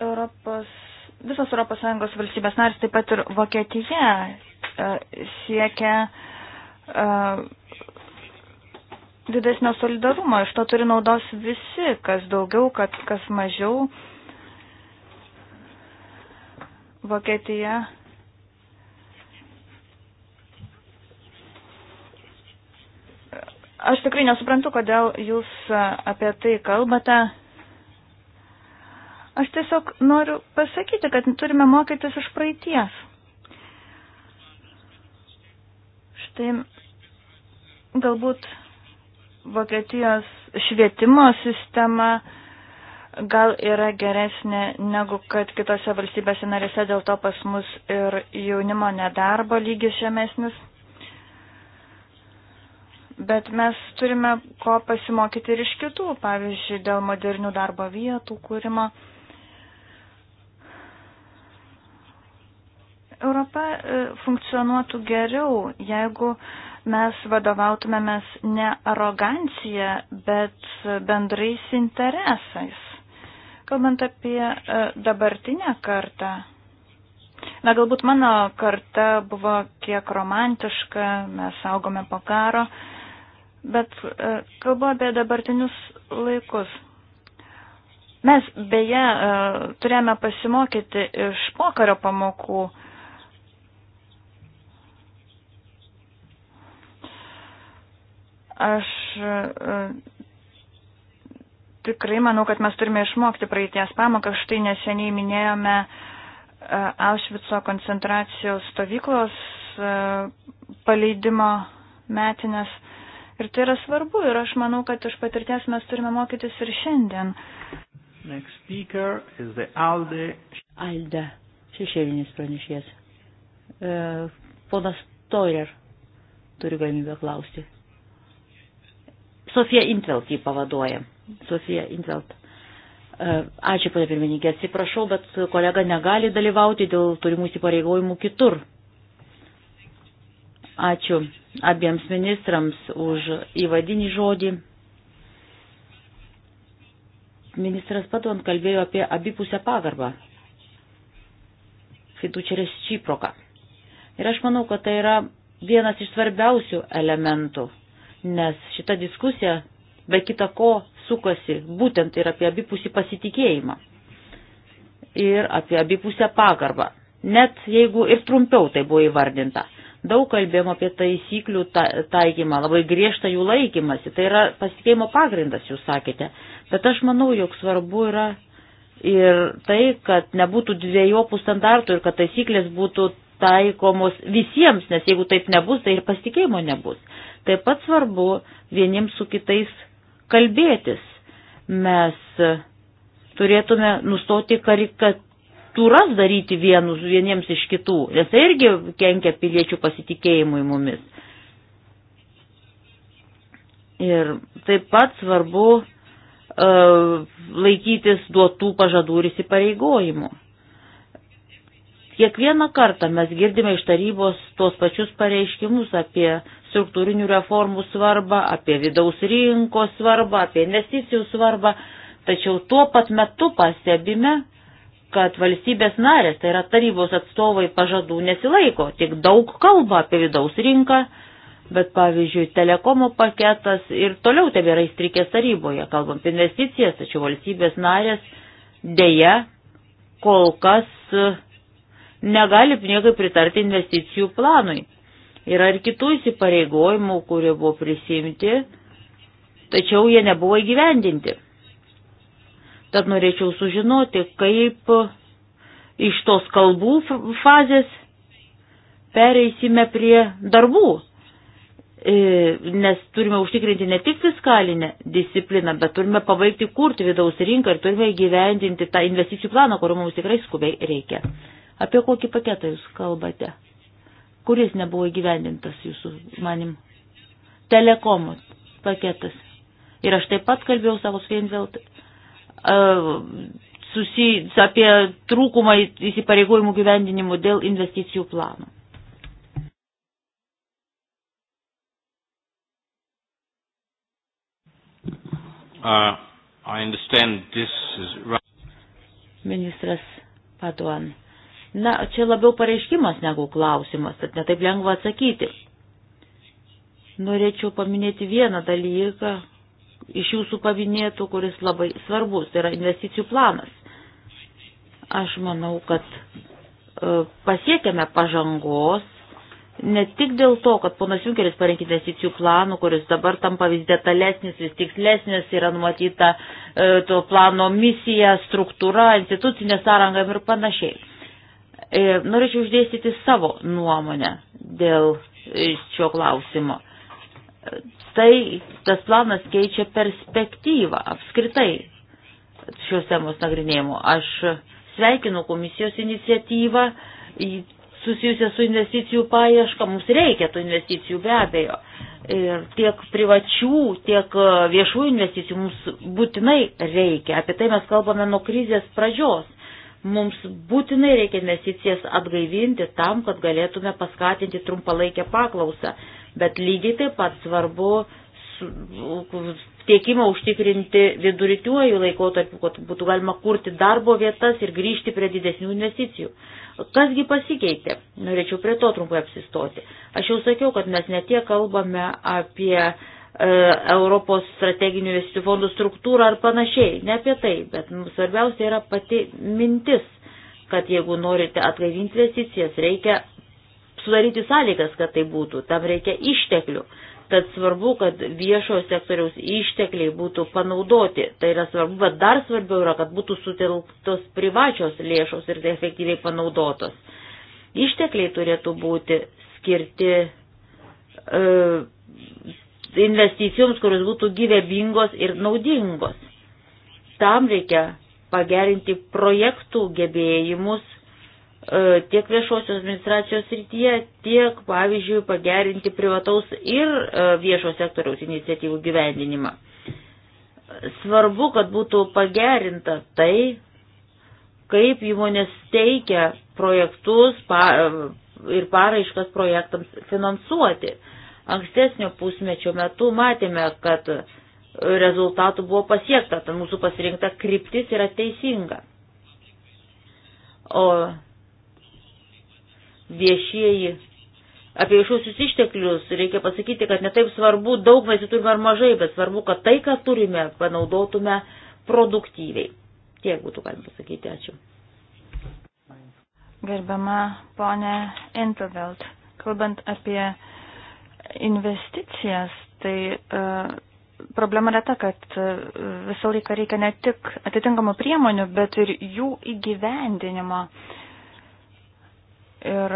Europos, visos ES valstybės narys, taip pat ir Vokietija E, siekia e, didesnio solidarumo. Iš to turi naudos visi, kas daugiau, kad, kas mažiau. Vokietija. Aš tikrai nesuprantu, kodėl jūs apie tai kalbate. Aš tiesiog noriu pasakyti, kad turime mokytis iš praeities. Štai galbūt Vokietijos švietimo sistema gal yra geresnė negu kad kitose valstybėse narėse, dėl to pas mus ir jaunimo nedarbo lygis žemesnis. Bet mes turime ko pasimokyti ir iš kitų, pavyzdžiui, dėl modernių darbo vietų kūrimo. Europa e, funkcionuotų geriau, jeigu mes vadovautumėmės ne arogancija, bet bendrais interesais. Kalbant apie e, dabartinę kartą, na galbūt mano karta buvo kiek romantiška, mes augome po karo, bet e, kalbu apie dabartinius laikus. Mes beje turėjome pasimokyti iš pokario pamokų, Aš e, tikrai manau, kad mes turime išmokti praeities pamoką. Štai neseniai minėjome e, Aušvico koncentracijos stovyklos e, paleidimo metinės. Ir tai yra svarbu ir aš manau, kad iš patirties mes turime mokytis ir šiandien. Next speaker is the Alde. Alde, šešėlinis pranešės. E, ponas Toirer turi galimybę klausti. Sofija Intvelt jį pavaduoja. Sofija Intvelt. E, ačiū, ponė pirmininkė, atsiprašau, bet kolega negali dalyvauti dėl turimų įsipareigojimų kitur. Ačiū abiems ministrams už įvadinį žodį. Ministras Paton kalbėjo apie abipusę pagarbą, fidučiarės čiproką. Ir aš manau, kad tai yra vienas iš svarbiausių elementų nes šita diskusija be kita ko sukasi būtent ir apie abipusį pasitikėjimą ir apie abipusę pagarbą, net jeigu ir trumpiau tai buvo įvardinta. Daug kalbėjom apie taisyklių taikymą, labai griežtą jų laikymasi, tai yra pasitikėjimo pagrindas, jūs sakėte, bet aš manau, jog svarbu yra ir tai, kad nebūtų dviejopų standartų ir kad taisyklės būtų taikomos visiems, nes jeigu taip nebus, tai ir pasitikėjimo nebus. Taip pat svarbu vieniems su kitais kalbėtis. Mes turėtume nustoti karikatūras daryti vienus vieniems iš kitų, nes tai irgi kenkia piliečių pasitikėjimui mumis. Ir taip pat svarbu uh, laikytis duotų pažadų ir įsipareigojimų. Kiekvieną kartą mes girdime iš tarybos tuos pačius pareiškimus apie struktūrinių reformų svarbą, apie vidaus rinkos svarbą, apie investicijų svarbą, tačiau tuo pat metu pastebime, kad valstybės narės, tai yra tarybos atstovai pažadų nesilaiko, tik daug kalba apie vidaus rinką, bet pavyzdžiui, telekomo paketas ir toliau tebėra įstrikęs taryboje, kalbam apie investicijas, tačiau valstybės narės dėja kol kas e, negali niekaip pritarti investicijų planui. Yra ir kitų įsipareigojimų, kurie buvo prisimti, tačiau jie nebuvo įgyvendinti. Tad norėčiau sužinoti, kaip iš tos kalbų fazės pereisime prie darbų, e, nes turime užtikrinti ne tik fiskalinę discipliną, bet turime pabaigti kurti vidaus rinką ir turime įgyvendinti tą investicijų planą, kurio mums tikrai skubiai reikia. Apie kokį paketą jūs kalbate? kuris nebuvo įgyvendintas jūsų manim. Telekomų paketas. Ir aš taip pat kalbėjau savo Sveinveld susijęs apie trūkumą įsipareigojimų gyvendinimų dėl investicijų plano. Uh, I understand this is... Ministras Paduan. Na, čia labiau pareiškimas negu klausimas, tad netaip lengva atsakyti. Norėčiau paminėti vieną dalyką iš jūsų paminėtų, kuris labai svarbus, tai yra investicijų planas. Aš manau, kad e, pasiekėme pažangos ne tik dėl to, kad ponas Junkeris parengė investicijų planų, kuris dabar tampa vis detalesnis, vis tikslesnis, yra numatyta e, to plano misija, struktūra, institucinė sąranga ir panašiai. E, norėčiau išdėstyti savo nuomonę dėl e, šio klausimo. Tai tas planas keičia perspektyvą apskritai šios temos nagrinėjimo. Aš sveikinu komisijos iniciatyvą susijusią su investicijų paieška. Mums reikia tų investicijų be abejo. Ir tiek privačių, tiek e, viešų investicijų mums būtinai reikia. Apie tai mes kalbame nuo krizės pradžios Mums būtinai reikia investicijas atgaivinti tam, kad galėtume paskatinti trumpalaikę paklausą, bet lygiai taip pat svarbu tiekimą užtikrinti viduritiuoju laikotarpiu, kad būtų galima kurti darbo vietas ir grįžti prie didesnių investicijų. Kasgi pasikeitė? Norėčiau prie to trumpai apsistoti. Aš jau sakiau, kad mes netie kalbame apie uh, E, Europos strateginių investicijų fondų struktūrą ar panašiai. Ne apie tai, bet nu, svarbiausia yra pati mintis, kad jeigu norite atgaivinti investicijas, reikia sudaryti sąlygas, kad tai būtų. Tam reikia išteklių. Tad svarbu, kad viešojo sektoriaus ištekliai būtų panaudoti. Tai yra svarbu, bet dar svarbiau yra, kad būtų sutelktos privačios lėšos ir tai efektyviai panaudotos. Ištekliai turėtų būti skirti e, investicijoms, kurios būtų gyvybingos ir naudingos. Tam reikia pagerinti projektų gebėjimus e, tiek viešosios administracijos srityje, tiek, pavyzdžiui, pagerinti privataus ir e, viešo sektoriaus iniciatyvų gyvendinimą. Svarbu, kad būtų pagerinta tai, kaip įmonės teikia projektus pa, e, ir paraiškas projektams finansuoti. Uh, Ankstesnio pusmečio metu matėme, kad rezultatų buvo pasiekta, ta mūsų pasirinkta kryptis yra teisinga. O viešieji, apie viešuosius išteklius reikia pasakyti, kad netaip svarbu, daug mes jų turime ar mažai, bet svarbu, kad tai, ką turime, panaudotume produktyviai. Tiek būtų galima pasakyti. Ačiū. Gerbiama ponė Entovelt, kalbant apie investicijas, tai e, problema yra ta, kad e, visą laiką reikia ne tik atitinkamų priemonių, bet ir jų įgyvendinimo. Ir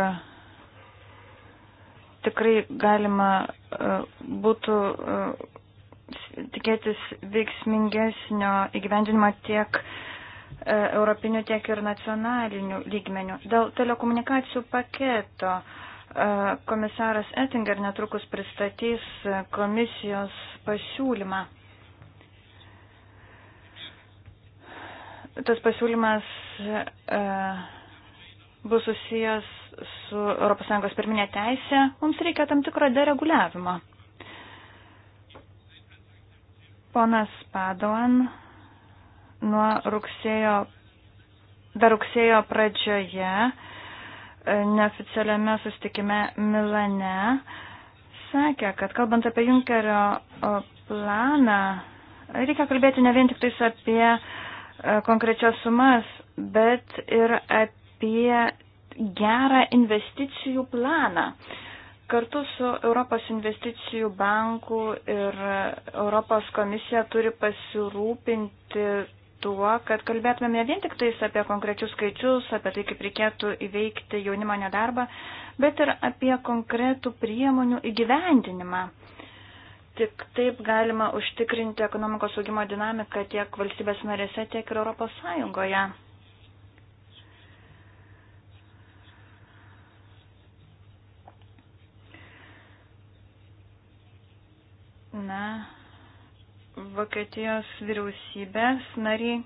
tikrai galima e, būtų tikėtis veiksmingesnio įgyvendinimo tiek europinių, tiek ir nacionalinių lygmenių. Dėl telekomunikacijų paketo Komisaras Ettinger netrukus pristatys komisijos pasiūlymą. Tas pasiūlymas bus susijęs su ES pirminė teisė, mums reikia tam tikro dereguliavimo. Ponas Padoan nuo rugsėjo, dar rugsėjo pradžioje neoficialiame sustikime Milane sakė, kad kalbant apie Junkerio planą, reikia kalbėti ne vien tik tais apie e, konkrečias sumas, bet ir apie gerą investicijų planą. Kartu su Europos investicijų banku ir Europos komisija turi pasirūpinti tuo, kad kalbėtumėm ne vien tik tais apie konkrečius skaičius, apie tai, kaip reikėtų įveikti jaunimo nedarbą, bet ir apie konkretų priemonių įgyvendinimą. Tik taip galima užtikrinti ekonomikos augimo dinamiką tiek valstybės narėse, tiek ir Europos Sąjungoje. Na, Vokietijos vyriausybės nariai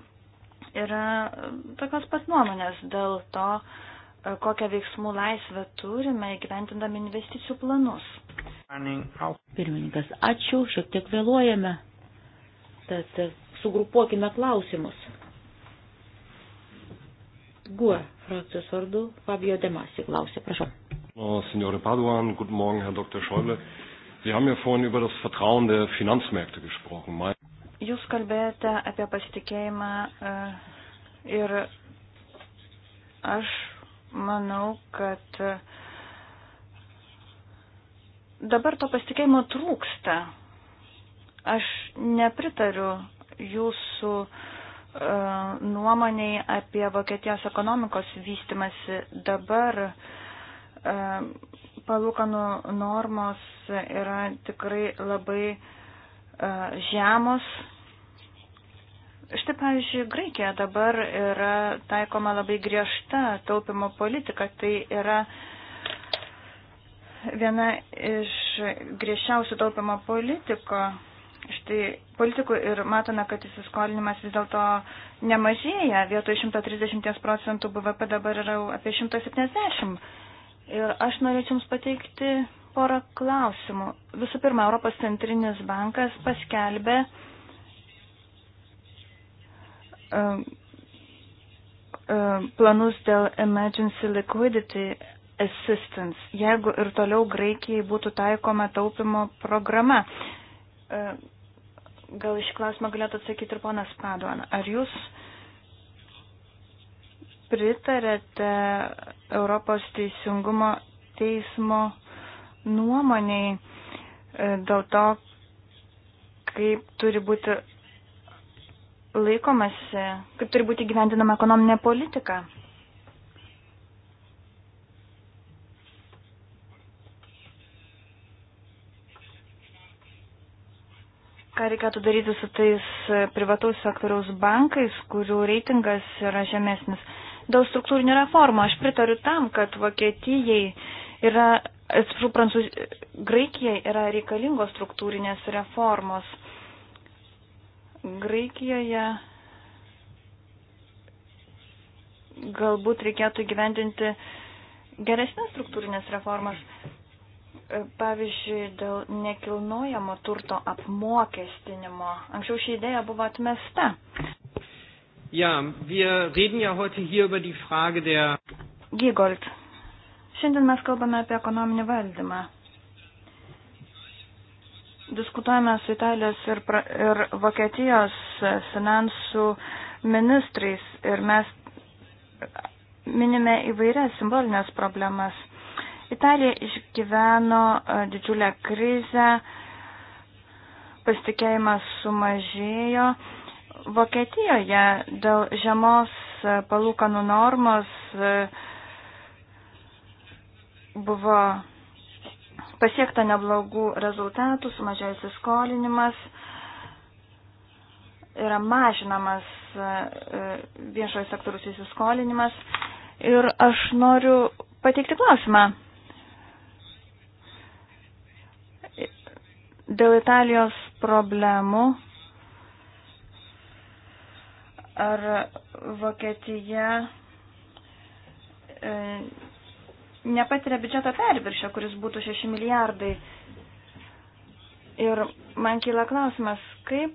yra e, tokios pat nuomonės dėl to, e, kokią veiksmų laisvę turime įgyventindami investicijų planus. Pirmininkas, ačiū, šiek tiek vėluojame. Tad e, sugrupuokime klausimus. GUE frakcijos vardu Fabio Demasi klausė, prašau. O, signore Paduan, good morning, Herr Dr. Schäuble. Sie haben ja vorhin über das Vertrauen der Finanzmärkte gesprochen. Mein Jūs kalbėjote apie pasitikėjimą e, ir aš manau, kad e, dabar to pasitikėjimo trūksta. Aš nepritariu jūsų e, nuomoniai apie Vokietijos ekonomikos vystimasi dabar palūkanų normos yra tikrai labai uh, žemos. Štai, pavyzdžiui, Graikija dabar yra taikoma labai griežta taupimo politika. Tai yra viena iš griežčiausių taupimo politiko. Štai politikų ir matome, kad įsiskolinimas vis dėlto nemažėja. Vietoj 130 procentų BVP dabar yra apie 170 Ir aš norėčiau Jums pateikti porą klausimų. Visų pirma, Europos centrinis bankas paskelbė e, e, planus dėl emergency liquidity assistance, jeigu ir toliau Graikijai būtų taikoma taupimo programa. E, gal iš klausimą galėtų atsakyti ir ponas Paduan. Ar jūs uh, pritarėte Europos teisingumo teismo nuomoniai e, dėl to, kaip turi būti laikomasi, kaip turi būti gyvendinama ekonominė politika. Ką reikėtų daryti su tais privataus sektoriaus bankais, kurių reitingas yra žemesnis? Dėl struktūrinių reformų aš pritariu tam, kad Vokietijai yra, atsiprašau, Prancūz... Graikijai yra reikalingos struktūrinės reformos. Graikijoje galbūt reikėtų gyvendinti geresnės struktūrinės reformas. Pavyzdžiui, dėl nekilnojamo turto apmokestinimo. Anksčiau ši idėja buvo atmesta. Ja, wir reden ja heute hier über die Frage der. Gigold. Šiandien mes kalbame apie ekonominį valdymą. Diskutuojame su Italijos ir, pra, ir Vokietijos finansų ministrais ir mes minime įvairias simbolinės problemas. Italija išgyveno e, didžiulę krizę, pasitikėjimas sumažėjo Vokietijoje dėl žemos e, palūkanų normos e, buvo pasiekta neblogų rezultatų, sumažėjęs įskolinimas, yra mažinamas e, viešojo sektoriaus įsiskolinimas. Ir aš noriu pateikti klausimą. Dėl Italijos problemų Ar Vokietija e, nepatiria biudžeto perviršio, kuris būtų 6 milijardai? Ir man kyla klausimas, kaip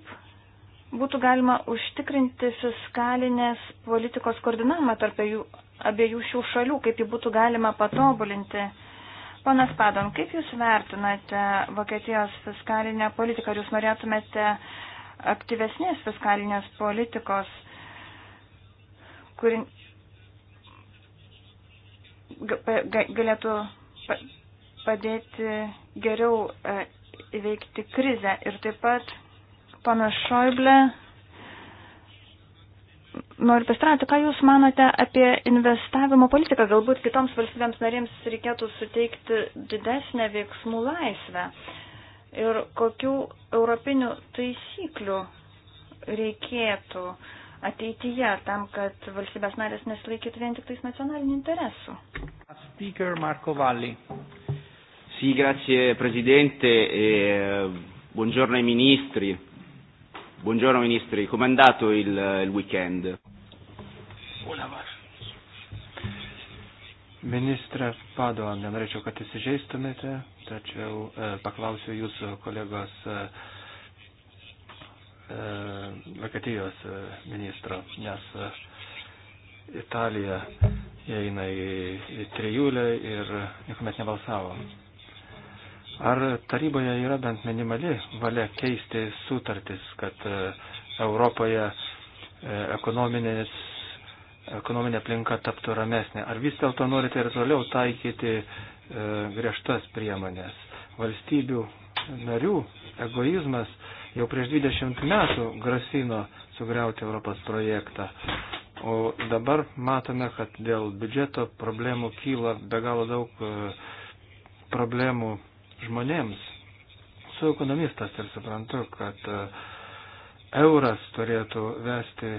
būtų galima užtikrinti fiskalinės politikos koordinavimą tarp jų, abiejų šių šalių, kaip jį būtų galima patobulinti. Ponas Padon, kaip Jūs vertinate Vokietijos fiskalinę politiką? Ar Jūs norėtumėte aktyvesnės fiskalinės politikos? kuri galėtų padėti geriau e, įveikti krizę. Ir taip pat pana Šoiblė, noriu pastrauti, ką Jūs manote apie investavimo politiką? Galbūt kitoms valstybėms narėms reikėtų suteikti didesnę veiksmų laisvę. Ir kokių europinių taisyklių reikėtų uh, ateityje, tam, kad valstybės narės nesilaikytų vien tik tais nacionalinių interesų. Speaker Marko Valli. Sì, grazie Presidente e buongiorno ai ministri. Buongiorno ministri, com'è andato il, il weekend? Ministras Pado, nenorėčiau, kad įsižeistumėte, tačiau e, paklausiu jūsų kolegos e, E, Vokietijos e, ministro, nes e, Italija įeina į, į trijulę ir niekuomet nebalsavo. Ar taryboje yra bent minimali valia keisti sutartis, kad Europoje ekonominės ekonominė aplinka taptų ramesnė. Ar vis dėlto norite ir toliau taikyti e, griežtas priemonės? Valstybių narių egoizmas e, jau prieš 20 metų grasino sugriauti Europos projektą. O dabar matome, kad dėl biudžeto problemų kyla be galo daug e, problemų žmonėms. Su ekonomistas ir suprantu, kad e, euras turėtų vesti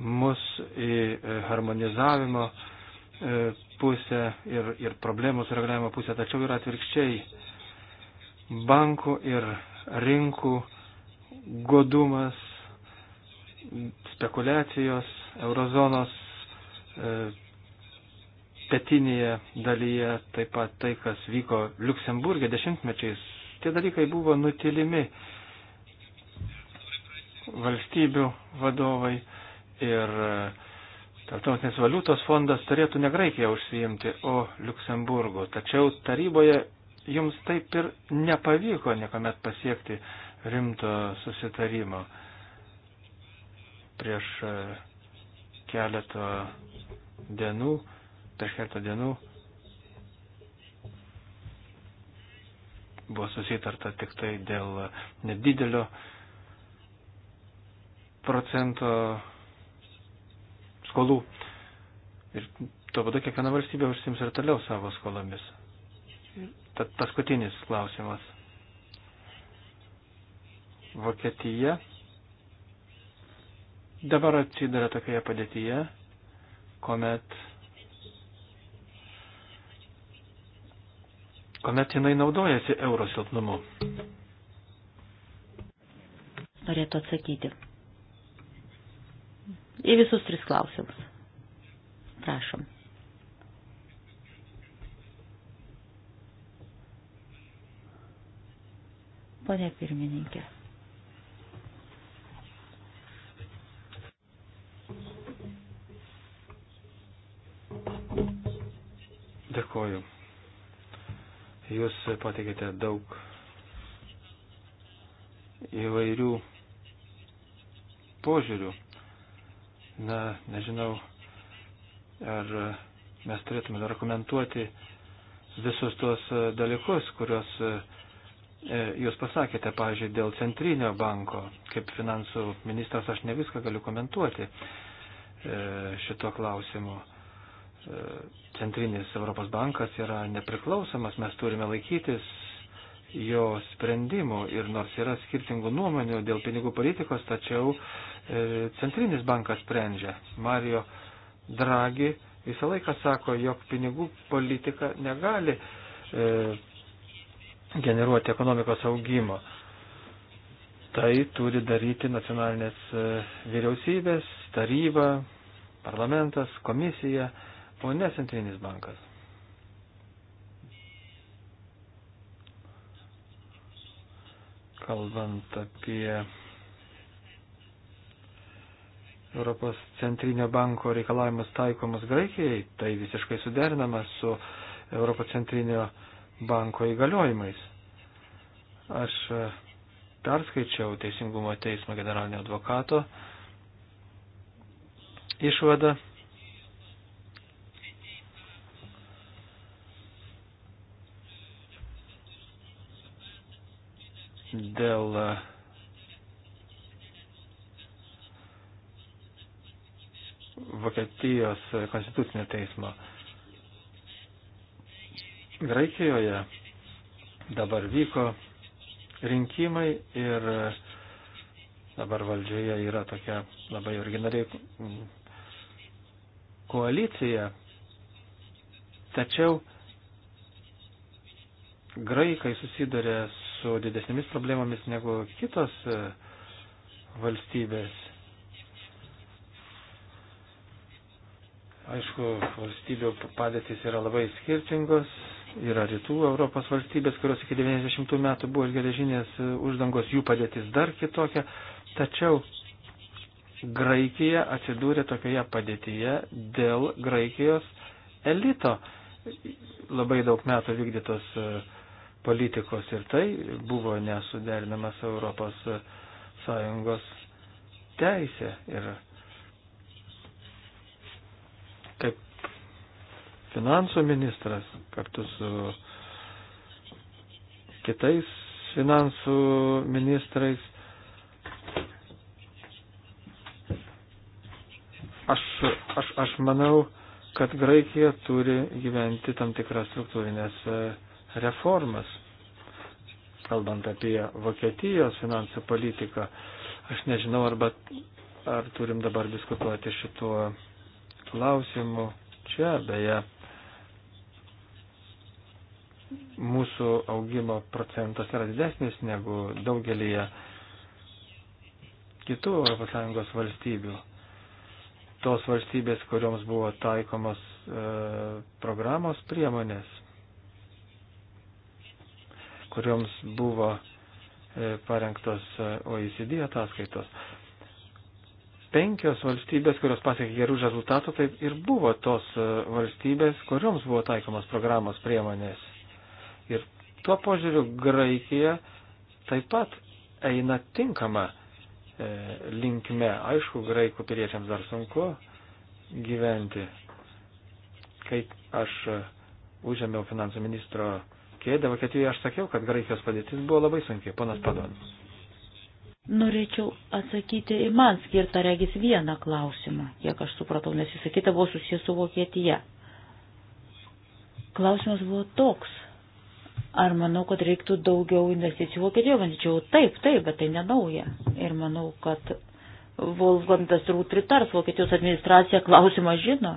mus į e, harmonizavimo pusę ir, ir problemų sureguliavimo pusę, tačiau yra atvirkščiai bankų ir rinkų godumas, spekulacijos eurozonos e, pietinėje dalyje, taip pat tai, kas vyko Luksemburgė dešimtmečiais, tie dalykai buvo nutilimi valstybių vadovai ir e, Tartautinės valiutos fondas turėtų ne Graikiją užsiimti, o Luksemburgu. Tačiau taryboje jums taip ir nepavyko niekuomet pasiekti rimto susitarimo. Prieš e, keletą dienų, prieš keletą dienų buvo susitarta tik tai dėl nedidelio procento skolų. Ir tuo būdu kiekviena valstybė užsims ir toliau savo skolomis. Tad paskutinis klausimas. Vokietija dabar atsiduria tokioje padėtyje, kuomet, kuomet jinai naudojasi euro silpnumu. Norėtų atsakyti. Į visus tris klausimus. Prašom. Pone pirmininkė. Dėkoju. Jūs pateikėte daug įvairių požiūrių. Na, nežinau, ar mes turėtume dar komentuoti visus tuos dalykus, kuriuos e, jūs pasakėte, pavyzdžiui, dėl centrinio banko. Kaip finansų ministras aš ne viską galiu komentuoti e, šito klausimu. Centrinis Europos bankas yra nepriklausomas, mes turime laikytis jo sprendimų ir nors yra skirtingų nuomonių dėl pinigų politikos, tačiau e, Centrinis bankas sprendžia. Mario Draghi visą laiką sako, jog pinigų politika negali e, generuoti ekonomikos augimo. Tai turi daryti nacionalinės e, vyriausybės, taryba, parlamentas, komisija. E, o ne centrinis bankas. Kalbant apie Europos centrinio banko reikalavimus taikomus Graikijai, tai visiškai suderinama su Europos centrinio banko įgaliojimais. Aš e, perskaičiau Teisingumo teismo generalinio advokato išvadą dėl e, Vokietijos konstitucinio teismo. Graikijoje dabar vyko rinkimai ir e, dabar valdžioje yra tokia labai originaliai koalicija. Tačiau graikai susiduria su didesnėmis problemomis negu kitos e, valstybės. Aišku, valstybių padėtis yra labai skirtingos. Yra rytų Europos valstybės, kurios iki 90 metų buvo geležinės e, uždangos, jų padėtis dar kitokia. Tačiau Graikija atsidūrė tokioje padėtyje dėl Graikijos elito labai daug metų vykdytos uh, politikos ir tai buvo nesuderinamas Europos Sąjungos teisė ir kaip finansų ministras kartu su kitais finansų ministrais aš, aš, aš manau, kad Graikija turi gyventi tam tikras struktūrinės uh, reformas. Kalbant apie Vokietijos finansų politiką, aš nežinau, arba, ar turim dabar diskutuoti šituo klausimu. Čia beje, mūsų augimo procentas yra didesnis negu daugelįje kitų ES valstybių. Tos valstybės, kurioms buvo taikomos e, programos priemonės, kurioms buvo e, parengtos e, OECD ataskaitos. Penkios valstybės, kurios pasiekė gerų rezultatų, tai ir buvo tos e, valstybės, kurioms buvo taikomos programos priemonės. Ir tuo požiūriu Graikija taip pat eina tinkama e, linkme. Aišku, graikų piliečiams dar sunku gyventi. Kai aš užėmiau finansų ministro Slovakijoje, dėl Vokietijoje aš sakiau, kad Graikijos padėtis buvo labai sunki. Ponas Padonis. Norėčiau atsakyti į man skirtą regis vieną klausimą, kiek aš supratau, nes jis sakyta buvo susijęs su Vokietija. Klausimas buvo toks. Ar manau, kad reiktų daugiau investicijų Vokietijoje? Manyčiau, taip, taip, bet tai nenauja. Ir manau, kad Volfgandas turbūt pritars, Vokietijos administracija klausimą žino.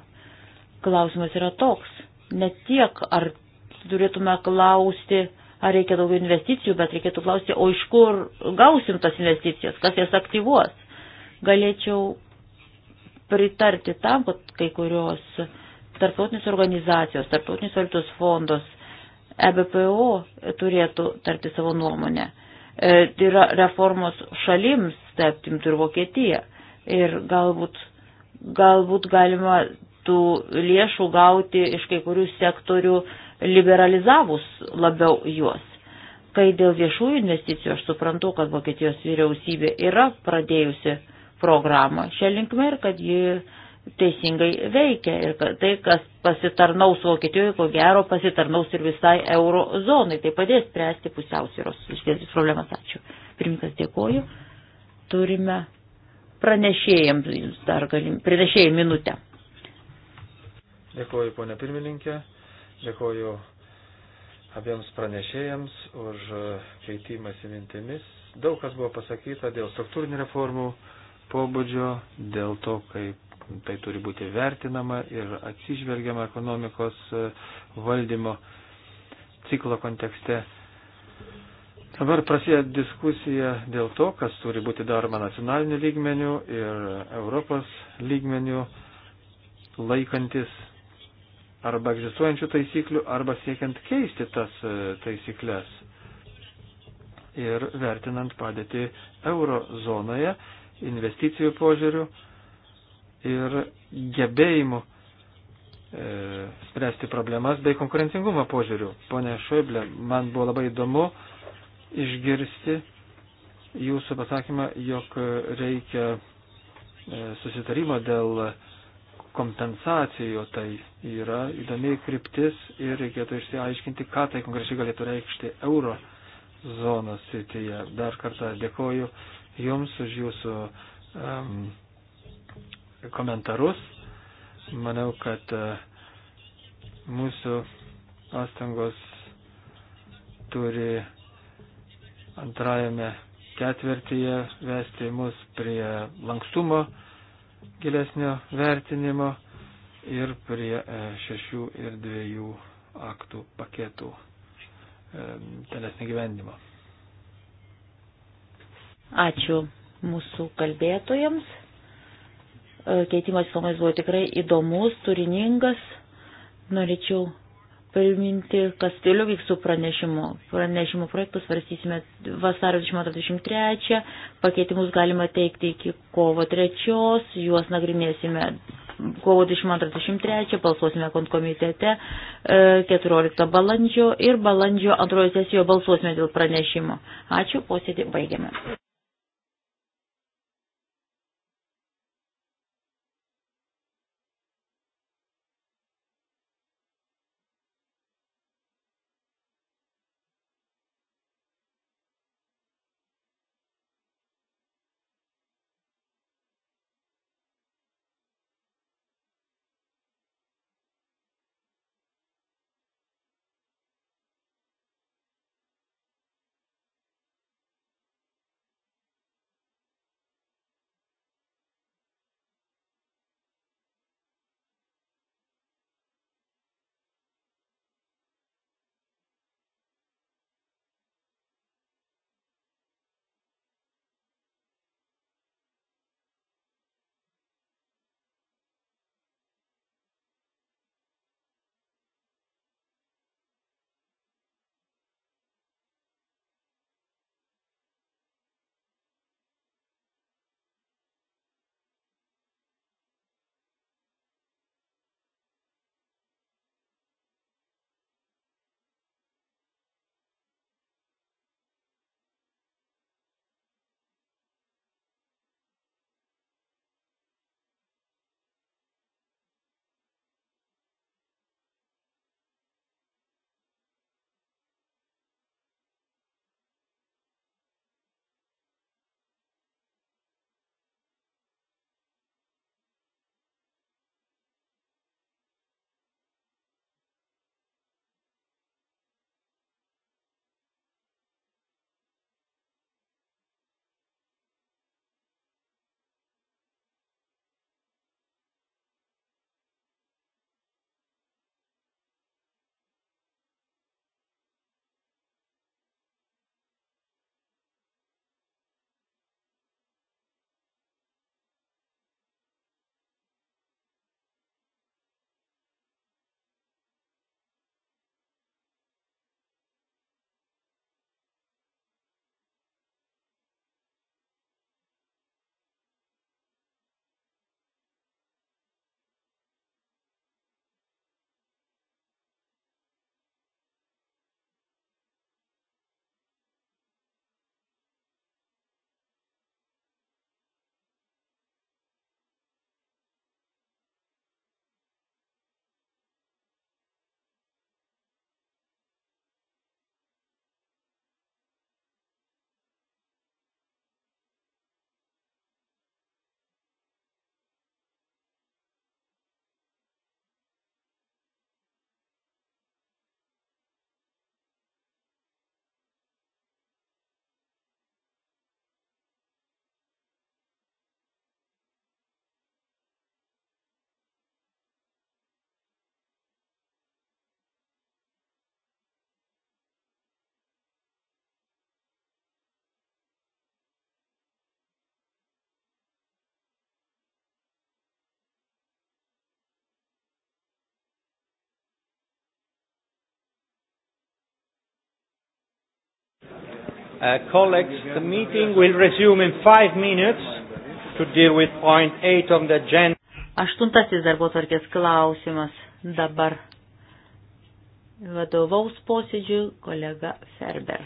Klausimas yra toks. Ne tiek, ar turėtume klausti, ar reikia daugiau investicijų, bet reikėtų klausti, o iš kur gausim tas investicijas, kas jas aktyvuos. Galėčiau pritarti tam, kad kai kurios tarptautinės organizacijos, tarptautinės valiutos fondos, EBPO turėtų tarti savo nuomonę. E, tai yra reformos šalims, taip timtų ir Vokietija. Ir galbūt, galbūt galima tų lėšų gauti iš kai kurių sektorių liberalizavus labiau juos. Kai dėl viešųjų investicijų aš suprantu, kad Vokietijos vyriausybė yra pradėjusi programą šią linkmę ir kad ji teisingai veikia ir kad tai, kas pasitarnaus Vokietijoje, ko gero pasitarnaus ir visai eurozonai, tai padės spręsti pusiausvyros išdėstis problemas. Ačiū. Pirmininkas dėkoju. Turime pranešėjams dar galim, pranešėjai minutę. Dėkoju, ponė pirmininkė. Dėkoju abiems pranešėjams už keitimas į mintimis. Daug kas buvo pasakyta dėl struktūrinių reformų pobūdžio, dėl to, kaip tai turi būti vertinama ir atsižvelgiama ekonomikos e, valdymo ciklo kontekste. Dabar prasideda diskusija dėl to, kas turi būti daroma nacionaliniu lygmeniu ir Europos lygmeniu, laikantis arba egzistuojančių taisyklių, arba siekiant keisti tas e, taisyklės. Ir vertinant padėtį eurozonoje, investicijų požiūrių ir gebėjimų e, spręsti problemas bei konkurencingumo požiūrių. Pone Šoiblė, man buvo labai įdomu išgirsti jūsų pasakymą, jog reikia e, susitarimo dėl kompensacijų, tai yra įdomi kryptis ir reikėtų išsiaiškinti, ką tai konkrečiai galėtų reikšti euro zonos srityje. Dar kartą dėkoju Jums už Jūsų um, komentarus. Manau, kad uh, mūsų pastangos turi antrajame ketvirtyje vesti mus prie lankstumo gilesnio vertinimo ir prie e, šešių ir dviejų aktų paketų e, tolesnį gyvendimą. Ačiū mūsų kalbėtojams. E, Keitimas nuomonės buvo tikrai įdomus, turiningas. Norėčiau priminti Kastilio vyksų pranešimo. Pranešimo projektus svarstysime vasario 23, pakeitimus galima teikti iki kovo 3, juos nagrinėsime kovo 23, balsuosime komitete 14 e, balandžio ir balandžio antrojo sesijoje balsuosime dėl pranešimo. Ačiū, posėdį baigiame. Uh, colleagues, the meeting will resume in five minutes to deal with point eight on the agenda. Aštuntasis darbo tvarkės klausimas dabar vadovaus posėdžiui kolega Ferber.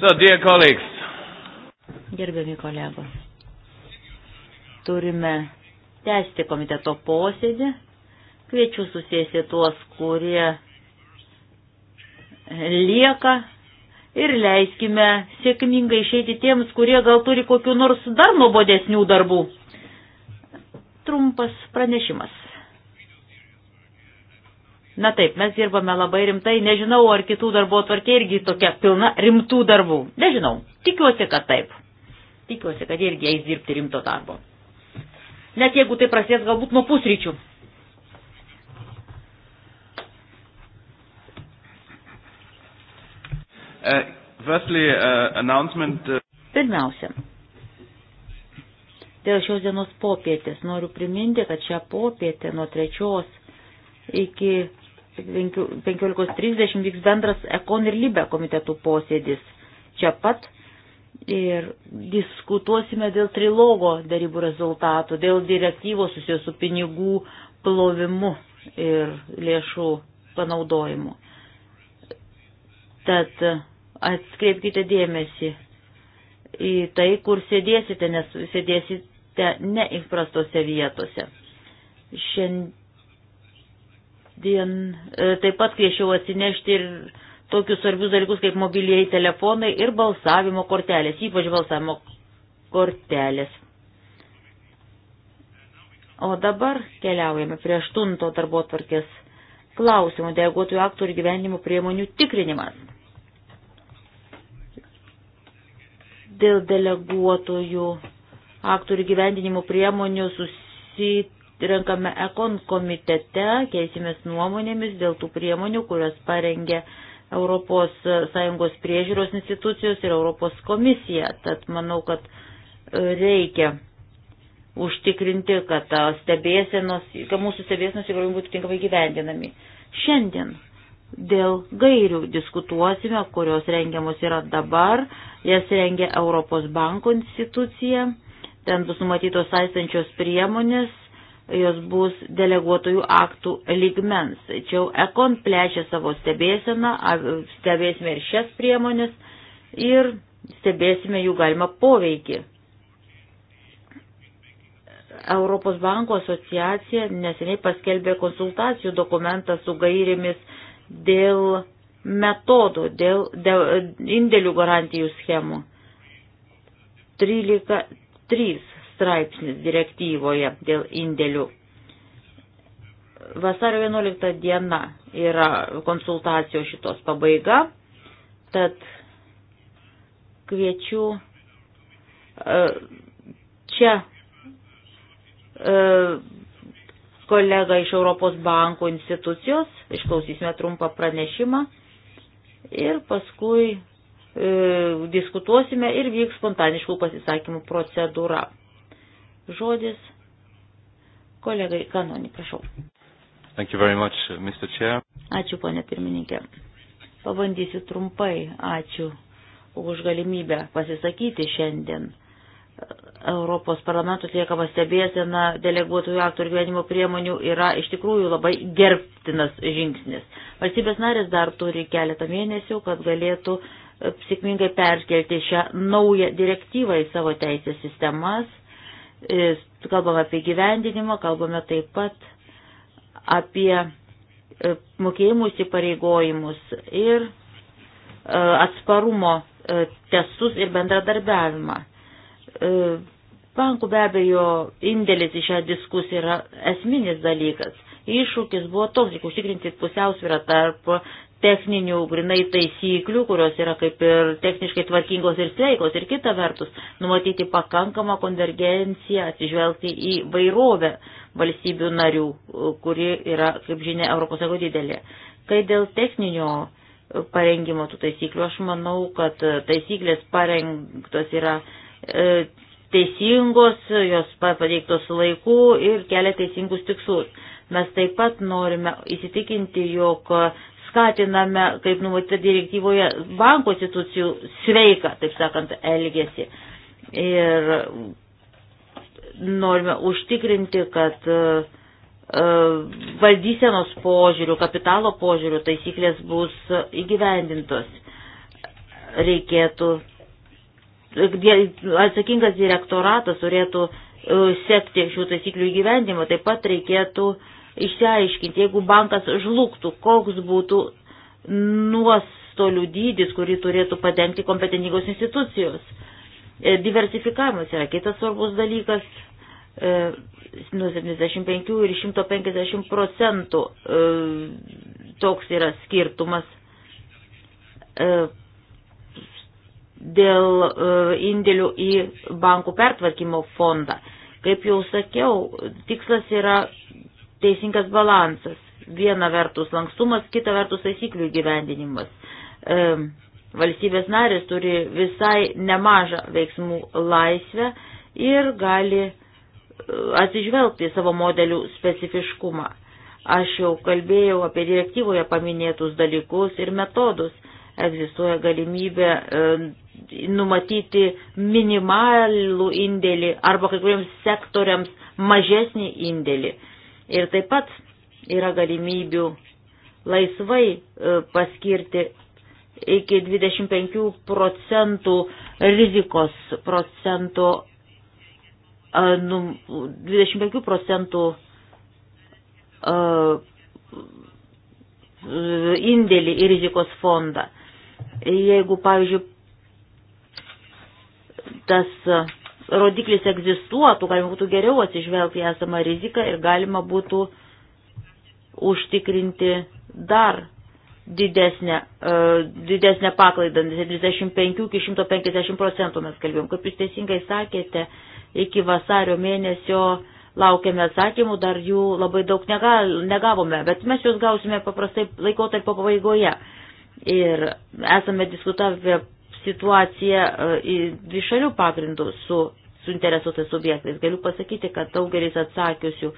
So, dear colleagues. Gerbiami kolegos, turime tęsti komiteto posėdį. Kviečiu susėsti tuos, kurie lieka ir leiskime sėkmingai išeiti tiems, kurie gal turi kokiu nors dar nuobodesnių darbų. Trumpas pranešimas. Na taip, mes dirbame labai rimtai, nežinau, ar kitų darbo tvarkė irgi tokia pilna rimtų darbų. Nežinau, tikiuosi, kad taip. Tikiuosi, kad irgi eis dirbti rimto darbo. Net jeigu tai prasidės galbūt nuo pusryčių. Uh, firstly, uh, announcement, uh... Pirmiausia, dėl šios dienos popietės noriu priminti, kad šią popietę nuo trečios iki 15.30 vyks bendras Ekon ir Libe komitetų posėdis čia pat ir diskutuosime dėl trilogo darybų rezultatų, dėl direktyvos susijęs su pinigų plovimu ir lėšų panaudojimu. Tad atskreipkite dėmesį į tai, kur sėdėsite, nes sėdėsite ne įprastose vietose. Šiandien dien e, taip pat kviečiau atsinešti ir tokius svarbius dalykus kaip mobilieji telefonai ir balsavimo kortelės, ypač balsavimo kortelės. O dabar keliaujame prie aštunto darbo tvarkės klausimų deleguotų aktų ir gyvenimo priemonių tikrinimas. Dėl deleguotojų aktų ir gyvendinimo priemonių susitikti renkame ekon komitete, keisimės nuomonėmis dėl tų priemonių, kurias parengė ES priežiūros institucijos ir Europos komisija. Tad manau, kad e, reikia užtikrinti, kad, stebėsenos, kad mūsų stebėsenos įgaliojimai būtų tinkamai gyvendinami. Šiandien dėl gairių diskutuosime, kurios rengiamos yra dabar, jas rengia Europos banko institucija, ten bus numatytos saistančios priemonės jos bus deleguotojų aktų ligmens. Tačiau Ekon plečia savo stebėseną, stebėsime ir šias priemonės ir stebėsime jų galimą poveikį. Europos banko asociacija neseniai paskelbė konsultacijų dokumentą su gairėmis dėl metodų, dėl, dėl indėlių garantijų schemų. 13.3 straipsnis direktyvoje dėl indėlių. Vasario 11 diena yra konsultacijos šitos pabaiga, tad kviečiu e, čia e, kolega iš Europos bankų institucijos, išklausysime trumpą pranešimą ir paskui e, diskutuosime ir vyks spontaniškų pasisakymų procedūra žodis kolegai Kanoni, prašau. Thank you very much, uh, Mr. Chair. Ačiū, ponė pirmininkė. Pabandysiu trumpai. Ačiū už galimybę pasisakyti šiandien. Europos parlamento atliekama stebėsena deleguotųjų aktų ir gyvenimo priemonių yra iš tikrųjų labai gerbtinas žingsnis. Valstybės narės dar turi keletą mėnesių, kad galėtų sėkmingai perkelti šią naują direktyvą į savo teisės sistemas E, kalbame apie gyvendinimą, kalbame taip pat apie e, mokėjimų įsipareigojimus ir e, atsparumo testus ir bendradarbiavimą. Bankų be abejo indėlis į šią diskusiją yra esminis dalykas. Iššūkis buvo toks, reikia užtikrinti pusiausvyrą tarp techninių grinai taisyklių, kurios yra kaip ir techniškai tvarkingos ir sveikos, ir kita vertus numatyti pakankamą konvergenciją, atsižvelgti į vairovę valstybių narių, kuri yra, kaip žinia, Europos Sąjungo didelė. Kai dėl techninio parengimo tų taisyklių, aš manau, kad taisyklės parengtos yra e, teisingos, jos pateiktos laiku ir kelia teisingus tikslus. Mes taip pat norime įsitikinti, jog skatiname, kaip numatyta direktyvoje, banko institucijų sveiką, taip sakant, elgesį. Ir norime užtikrinti, kad e, e, valdysenos požiūrių, kapitalo požiūrių taisyklės bus įgyvendintos. Reikėtų, atsakingas direktoratas turėtų e, sekti šių taisyklių įgyvendimą, taip pat reikėtų uh, išsiaiškinti, jeigu bankas žlugtų, koks būtų nuostolių dydis, kurį turėtų padengti kompetentingos institucijos. E, diversifikavimas yra kitas svarbus dalykas. E, nuo 75 ir 150 procentų e, toks yra skirtumas dėl indėlių į bankų pertvarkymo fondą. Kaip jau sakiau, tikslas yra teisingas balansas. Viena vertus lankstumas, kita vertus taisyklių gyvendinimas. E, valstybės narės turi visai nemažą veiksmų laisvę ir gali e, atsižvelgti į savo modelių specifiškumą. Aš jau kalbėjau apie direktyvoje paminėtus dalykus ir metodus. Egzistuoja galimybė e, numatyti minimalų indėlį arba kai kuriems sektoriams mažesnį indėlį. Ir taip pat yra galimybių laisvai e, paskirti iki 25 procentų rizikos e, procentų, 25 e, procentų indėlį į rizikos fondą. Jeigu, pavyzdžiui, tas rodiklis egzistuotų, galima būtų geriau atsižvelgti į esamą riziką ir galima būtų užtikrinti dar didesnę, uh, didesnę paklaidą, 25 iki 150 procentų mes kalbėjom. Kaip jūs teisingai sakėte, iki vasario mėnesio laukiame atsakymų, dar jų labai daug negavome, bet mes juos gausime paprastai laikotarpio pabaigoje. Ir esame diskutavę situaciją e, dvišalių pagrindų su suinteresuotais subjektais. Galiu pasakyti, kad daugelis atsakiusių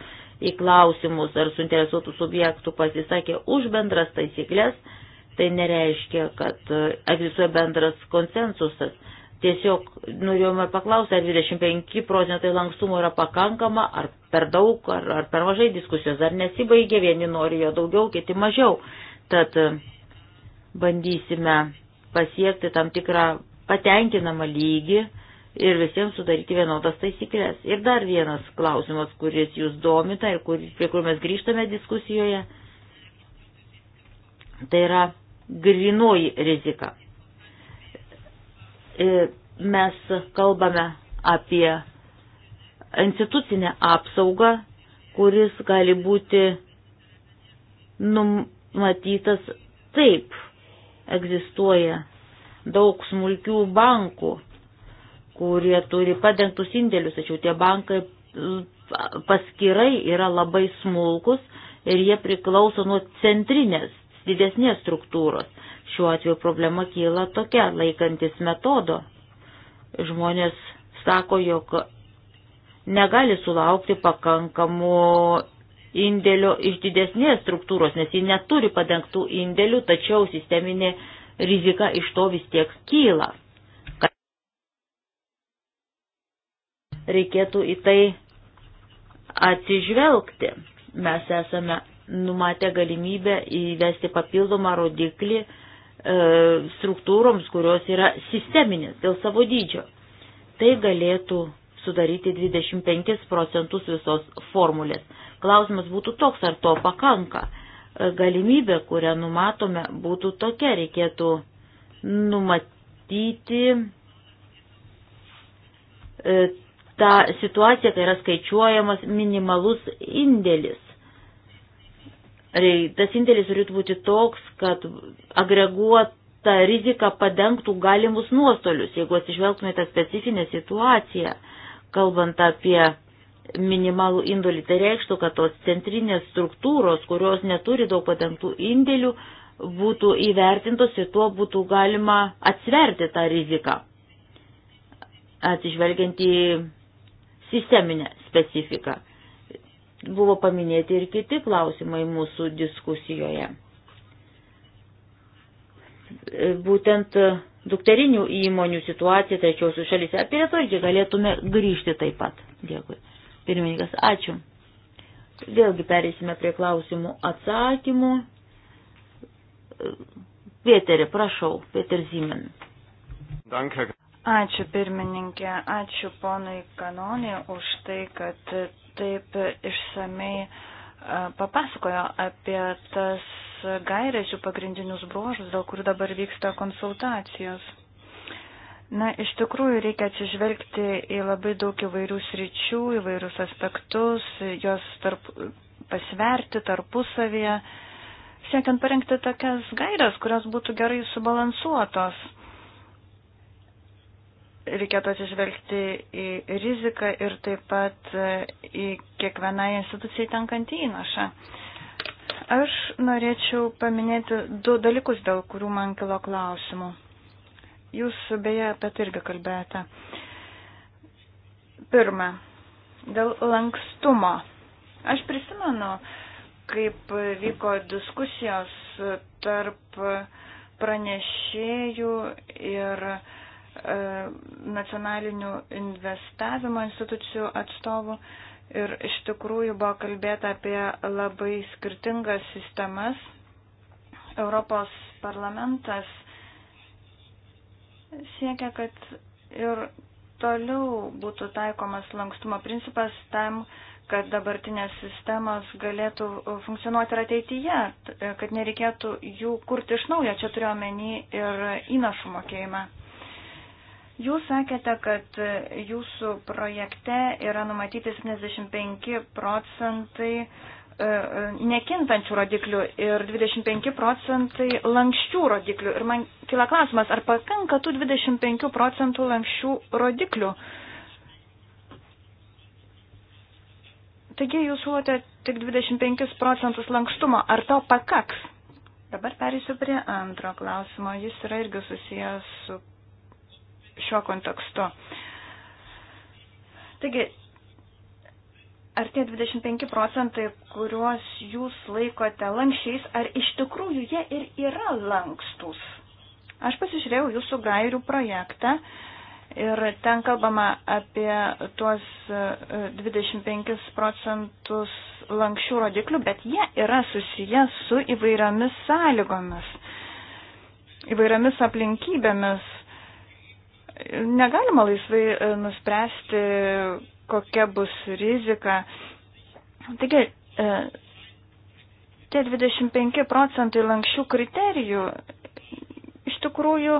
į klausimus ar suinteresuotų subjektų pasisakė už bendras taisyklės, tai nereiškia, kad e, egzistuoja bendras konsensusas. Tiesiog norėjome paklausti, ar 25 procentai lankstumo yra pakankama, ar per daug, ar, ar per mažai diskusijos, ar nesibaigė, vieni nori jo daugiau, kiti mažiau. Tad e, bandysime pasiekti tam tikrą patenkinamą lygį ir visiems sudaryti vienodas taisyklės. Ir dar vienas klausimas, kuris jūs domita ir kur, prie kur mes grįžtame diskusijoje, tai yra grinoji rizika. E, mes kalbame apie institucinę apsaugą, kuris gali būti numatytas taip, egzistuoja daug smulkių bankų, kurie turi padengtus indėlius, tačiau tie bankai mm, paskirai yra labai smulkus ir jie priklauso nuo centrinės, didesnės struktūros. Šiuo atveju problema kyla tokia, laikantis metodo. Žmonės sako, jog negali sulaukti pakankamų indėlio iš didesnės struktūros, nes ji neturi padengtų indėlių, tačiau sisteminė rizika iš to vis tiek kyla. Reikėtų į tai atsižvelgti. Mes esame numatę galimybę įvesti papildomą rodiklį e, struktūroms, kurios yra sisteminės dėl savo dydžio. Tai galėtų sudaryti 25 procentus visos formulės. Klausimas būtų toks, ar to pakanka. E, galimybė, kurią numatome, būtų tokia, reikėtų numatyti e, tą situaciją, kai yra skaičiuojamas minimalus indėlis. Tas indėlis turėtų būti toks, kad agreguota rizika padengtų galimus nuostolius, jeigu atsižvelgtume tą specifinę situaciją kalbant apie minimalų indėlį, tai reikštų, kad tos centrinės struktūros, kurios neturi daug patentų indėlių, būtų įvertintos ir tuo būtų galima atsverti tą riziką, atsižvelgiant į sisteminę specifiką. Buvo paminėti ir kiti klausimai mūsų diskusijoje. Būtent dukterinių įmonių situaciją trečiosių šalyse. Apie retoriją galėtume grįžti taip pat. Dėkui. Pirmininkas, ačiū. Vėlgi perėsime prie klausimų atsakymų. Pieterį, prašau, Pieter Zimen. Danke. Ačiū pirmininkė, ačiū ponui Kanonė už tai, kad taip išsamei papasakojo apie tas gairės, jų pagrindinius bruožus, dėl kurių dabar vyksta konsultacijos. Na, iš tikrųjų reikia atsižvelgti į labai daug įvairių sričių, įvairius aspektus, juos tarp, pasverti tarpusavėje, siekiant parengti tokias gairias, kurios būtų gerai subalansuotos. Reikėtų atsižvelgti į riziką ir taip pat į kiekvienai institucijai tenkantį įnašą. Aš norėčiau paminėti du dalykus, dėl kurių man kilo klausimų. Jūs beje apie tai irgi kalbėjote. Pirma, dėl lankstumo. Aš prisimenu, kaip vyko diskusijos tarp pranešėjų ir e, nacionalinių investavimo institucijų atstovų. E, Ir iš tikrųjų buvo kalbėta apie labai skirtingas sistemas. Europos parlamentas siekia, kad ir toliau būtų taikomas lankstumo principas tam, kad dabartinės sistemos galėtų funkcionuoti ir ateityje, kad nereikėtų jų kurti iš naujo. Čia turiuomenį ir įnašų mokėjimą. Jūs sakėte, kad jūsų projekte yra numatyti 75 procentai e, e, nekintančių rodiklių ir 25 procentai lankščių rodiklių. Ir man kila klausimas, ar pakanka tų 25 procentų lankščių rodiklių? Taigi jūs siūlote tik 25 procentus lankstumo. Ar to pakaks? Dabar perėsiu prie antro klausimo. Jis yra irgi susijęs su šiuo kontekstu. Taigi, ar tie 25 procentai, kuriuos jūs laikote lankščiais, ar iš tikrųjų jie ir yra lankstus? Aš pasižiūrėjau jūsų gairių projektą ir ten kalbama apie tuos 25 e, procentus lankščių rodiklių, bet jie yra susiję su įvairiomis sąlygomis, įvairiomis aplinkybėmis. Negalima laisvai e, nuspręsti, kokia bus rizika. Taigi, e, tie 25 procentai lankščių kriterijų iš tikrųjų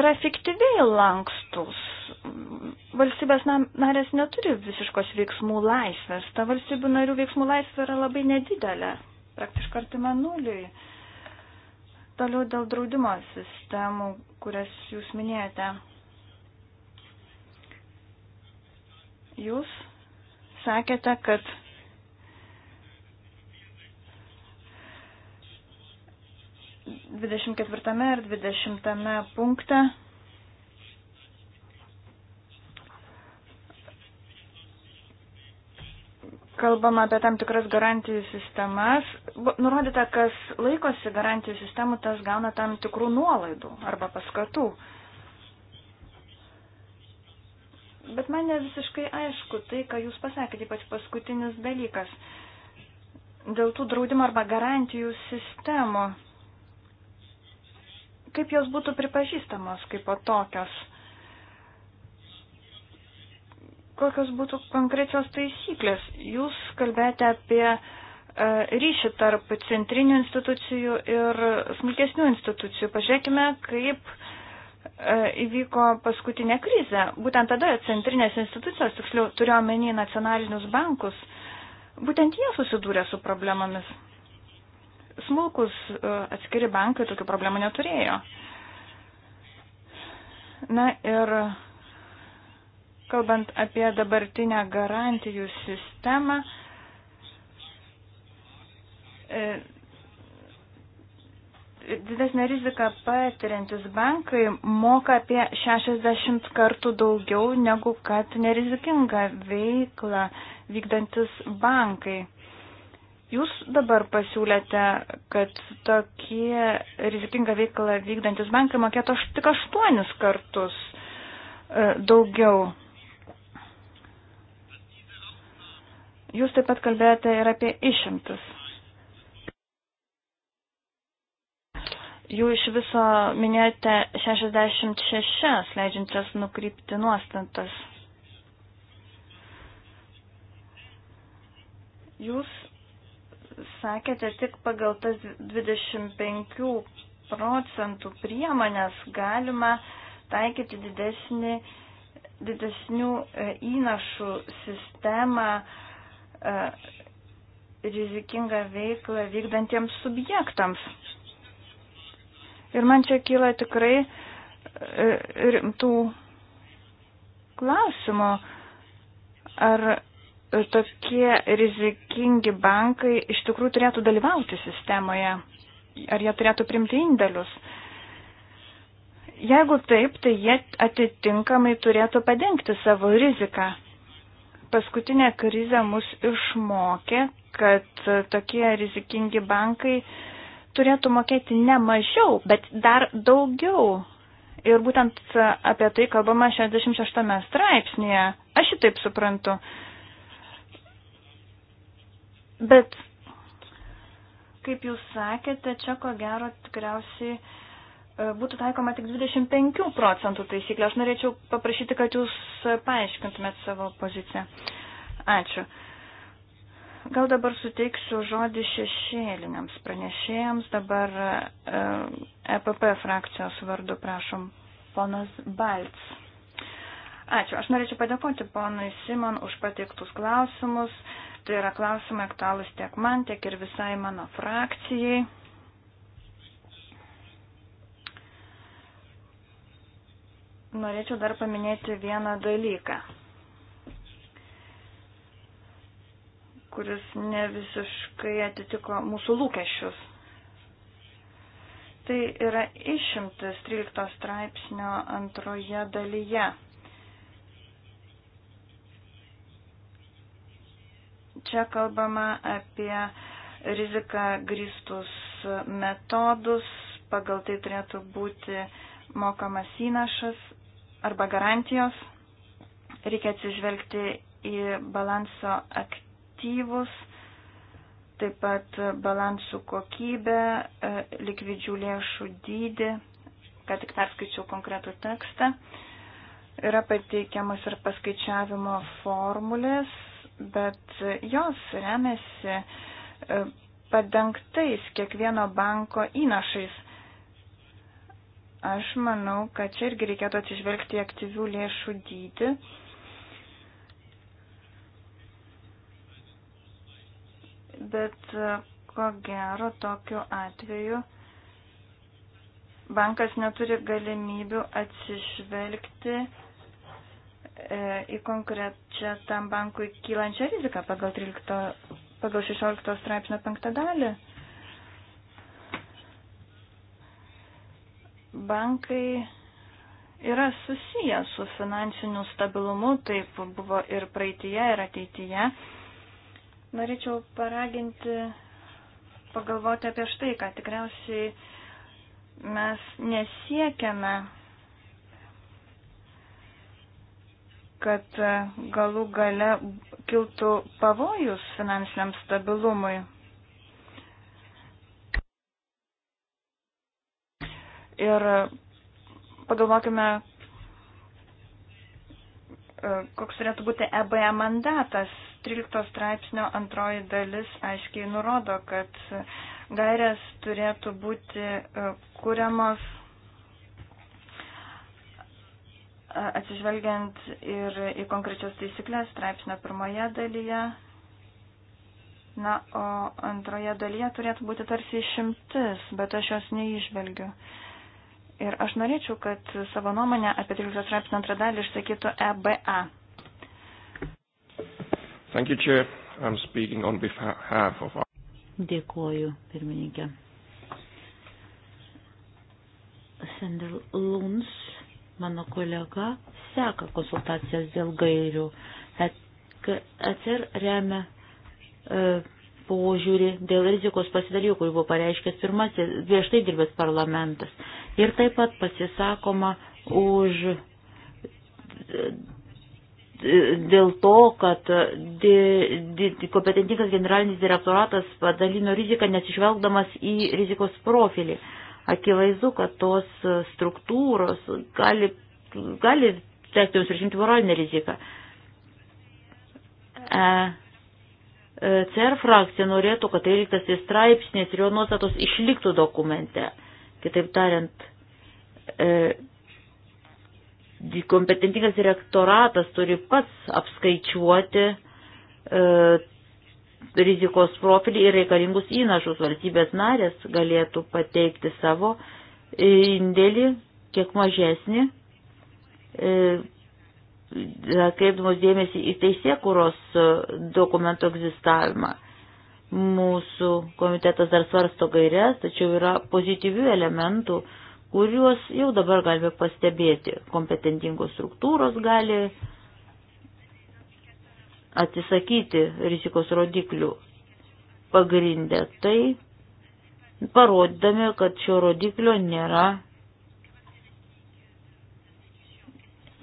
yra fiktyviai lankstus. Valstybės narės neturi visiškos veiksmų laisvės. Ta valstybių narių veiksmų laisvė yra labai nedidelė, praktiškai artima nuliui. Toliau dėl draudimo sistemų, kurias jūs minėjote. Jūs sakėte, kad dvidešimt ketvirtame ir dvidešimtame punkte kalbama apie tam tikras garantijų sistemas. Nurodyta, kas laikosi garantijų sistemų, tas gauna tam tikrų nuolaidų arba paskatų. Bet man ne visiškai aišku tai, ką jūs pasakėte, ypač paskutinis dalykas. Dėl tų draudimo arba garantijų sistemų. Kaip jos būtų pripažįstamos kaip po tokios? kokios būtų konkrečios taisyklės. Jūs kalbėjote apie e, ryšį tarp centrinių institucijų ir smulkesnių institucijų. Pažiūrėkime, kaip e, įvyko paskutinė krizė. Būtent tada centrinės institucijos, tiksliau turiu omeny nacionalinius bankus, būtent jie susidūrė su problemomis. Smulkus e, atskiri bankai tokių problemų neturėjo. Na ir Kalbant apie dabartinę garantijų sistemą, e, didesnė rizika patiriantis bankai moka apie 60 kartų daugiau negu kad nerizikinga veikla vykdantis bankai. Jūs dabar pasiūlėte, kad tokie rizikinga veikla vykdantis bankai mokėtų tik 8 kartus e, daugiau. Jūs taip pat kalbėjote ir apie išimtis. Jų iš viso minėjote 66 leidžiančias nukrypti nuostantas. Jūs sakėte, tik pagal tas 25 procentų priemonės galima taikyti didesnį, didesnių e, įnašų sistemą E, rizikingą veiklą vykdantiems subjektams. Ir man čia kyla tikrai e, rimtų klausimų, ar tokie rizikingi bankai iš tikrųjų turėtų dalyvauti sistemoje, ar jie turėtų primti indėlius. Jeigu taip, tai jie atitinkamai turėtų padengti savo riziką paskutinė krizė mus išmokė, kad tokie rizikingi bankai turėtų mokėti ne mažiau, bet dar daugiau. Ir būtent apie tai kalbama 66 straipsnėje. Aš šitaip suprantu. Bet, kaip jūs sakėte, čia ko gero tikriausiai uh, E, būtų taikoma tik 25 procentų taisyklė. Aš norėčiau paprašyti, kad jūs paaiškintumėt savo poziciją. Ačiū. Gal dabar suteiksiu žodį šešėliniams pranešėjams. Dabar EPP e frakcijos vardu prašom ponas Balts. Ačiū. Aš norėčiau padėkoti ponui Simon už pateiktus klausimus. Tai yra klausimai aktualūs tiek man, tiek ir visai mano frakcijai. norėčiau dar paminėti vieną dalyką, kuris ne visiškai atitiko mūsų lūkesčius. Tai yra išimtis 13 straipsnio antroje dalyje. Čia kalbama apie riziką grįstus metodus, pagal tai turėtų būti mokamas įnašas, arba garantijos. Reikia atsižvelgti į balanso aktyvus, taip pat balansų kokybę, e, likvidžių lėšų dydį, ką tik perskaičiau konkretų tekstą. Yra pateikiamas ir paskaičiavimo formulės, bet jos remiasi e, padengtais kiekvieno banko įnašais. Aš manau, kad čia irgi reikėtų atsižvelgti į aktyvių lėšų dydį. Bet e, ko gero tokiu atveju bankas neturi galimybių atsižvelgti e, į konkrečią tam bankui kylančią riziką pagal, 13, pagal 16 straipsnio penktą dalį. bankai yra susiję su finansiniu stabilumu, taip buvo ir praeitie, ir ateityje. Norėčiau paraginti pagalvoti apie štai, ką tikriausiai mes nesiekiame, kad galų gale kiltų pavojus finansiniam stabilumui. Ir pagalvokime, e, koks turėtų būti EBA mandatas. 13 straipsnio antroji dalis aiškiai nurodo, kad gairės turėtų būti e, kuriamos e, atsižvelgiant ir į konkrečias taisyklės straipsnio pirmoje dalyje. Na, o antroje dalyje turėtų būti tarsi išimtis, bet aš jos neižvelgiu. Uh, Ir aš norėčiau, kad savo nuomonę apie 13 straipsnio antrą dalį išsakytų EBA. Thank you, Chair. I'm speaking on behalf of... Dėkuoju, pirmininkė. Sandel Luns, mano kolega, seka konsultacijas dėl gairių. ECR remia e, požiūrį dėl rizikos pasidalijų, kurį buvo pareiškęs pirmasis prieš tai dirbęs parlamentas. Ir taip pat pasisakoma už dėl to, kad di, di, kompetentingas generalinis direktoratas padalino riziką nesižvelgdamas į rizikos profilį. Akivaizdu, kad tos struktūros gali, gali tekti jums prisimti moralinę riziką. E, CR frakcija norėtų, kad 13 straipsnis ir jo nuostatos išliktų dokumente. Kitaip tariant, e, kompetentingas direktoratas turi pats apskaičiuoti e, rizikos profilį ir reikalingus įnašus. Valstybės narės galėtų pateikti savo indėlį kiek mažesnį e, kreipdamos dėmesį į teisėkuros e, dokumento egzistavimą. Mūsų komitetas dar svarsto gairias, tačiau yra pozityvių elementų, kuriuos jau dabar galime pastebėti. Kompetentingos struktūros gali atsisakyti rizikos rodiklių pagrindę tai, parodydami, kad šio rodiklio nėra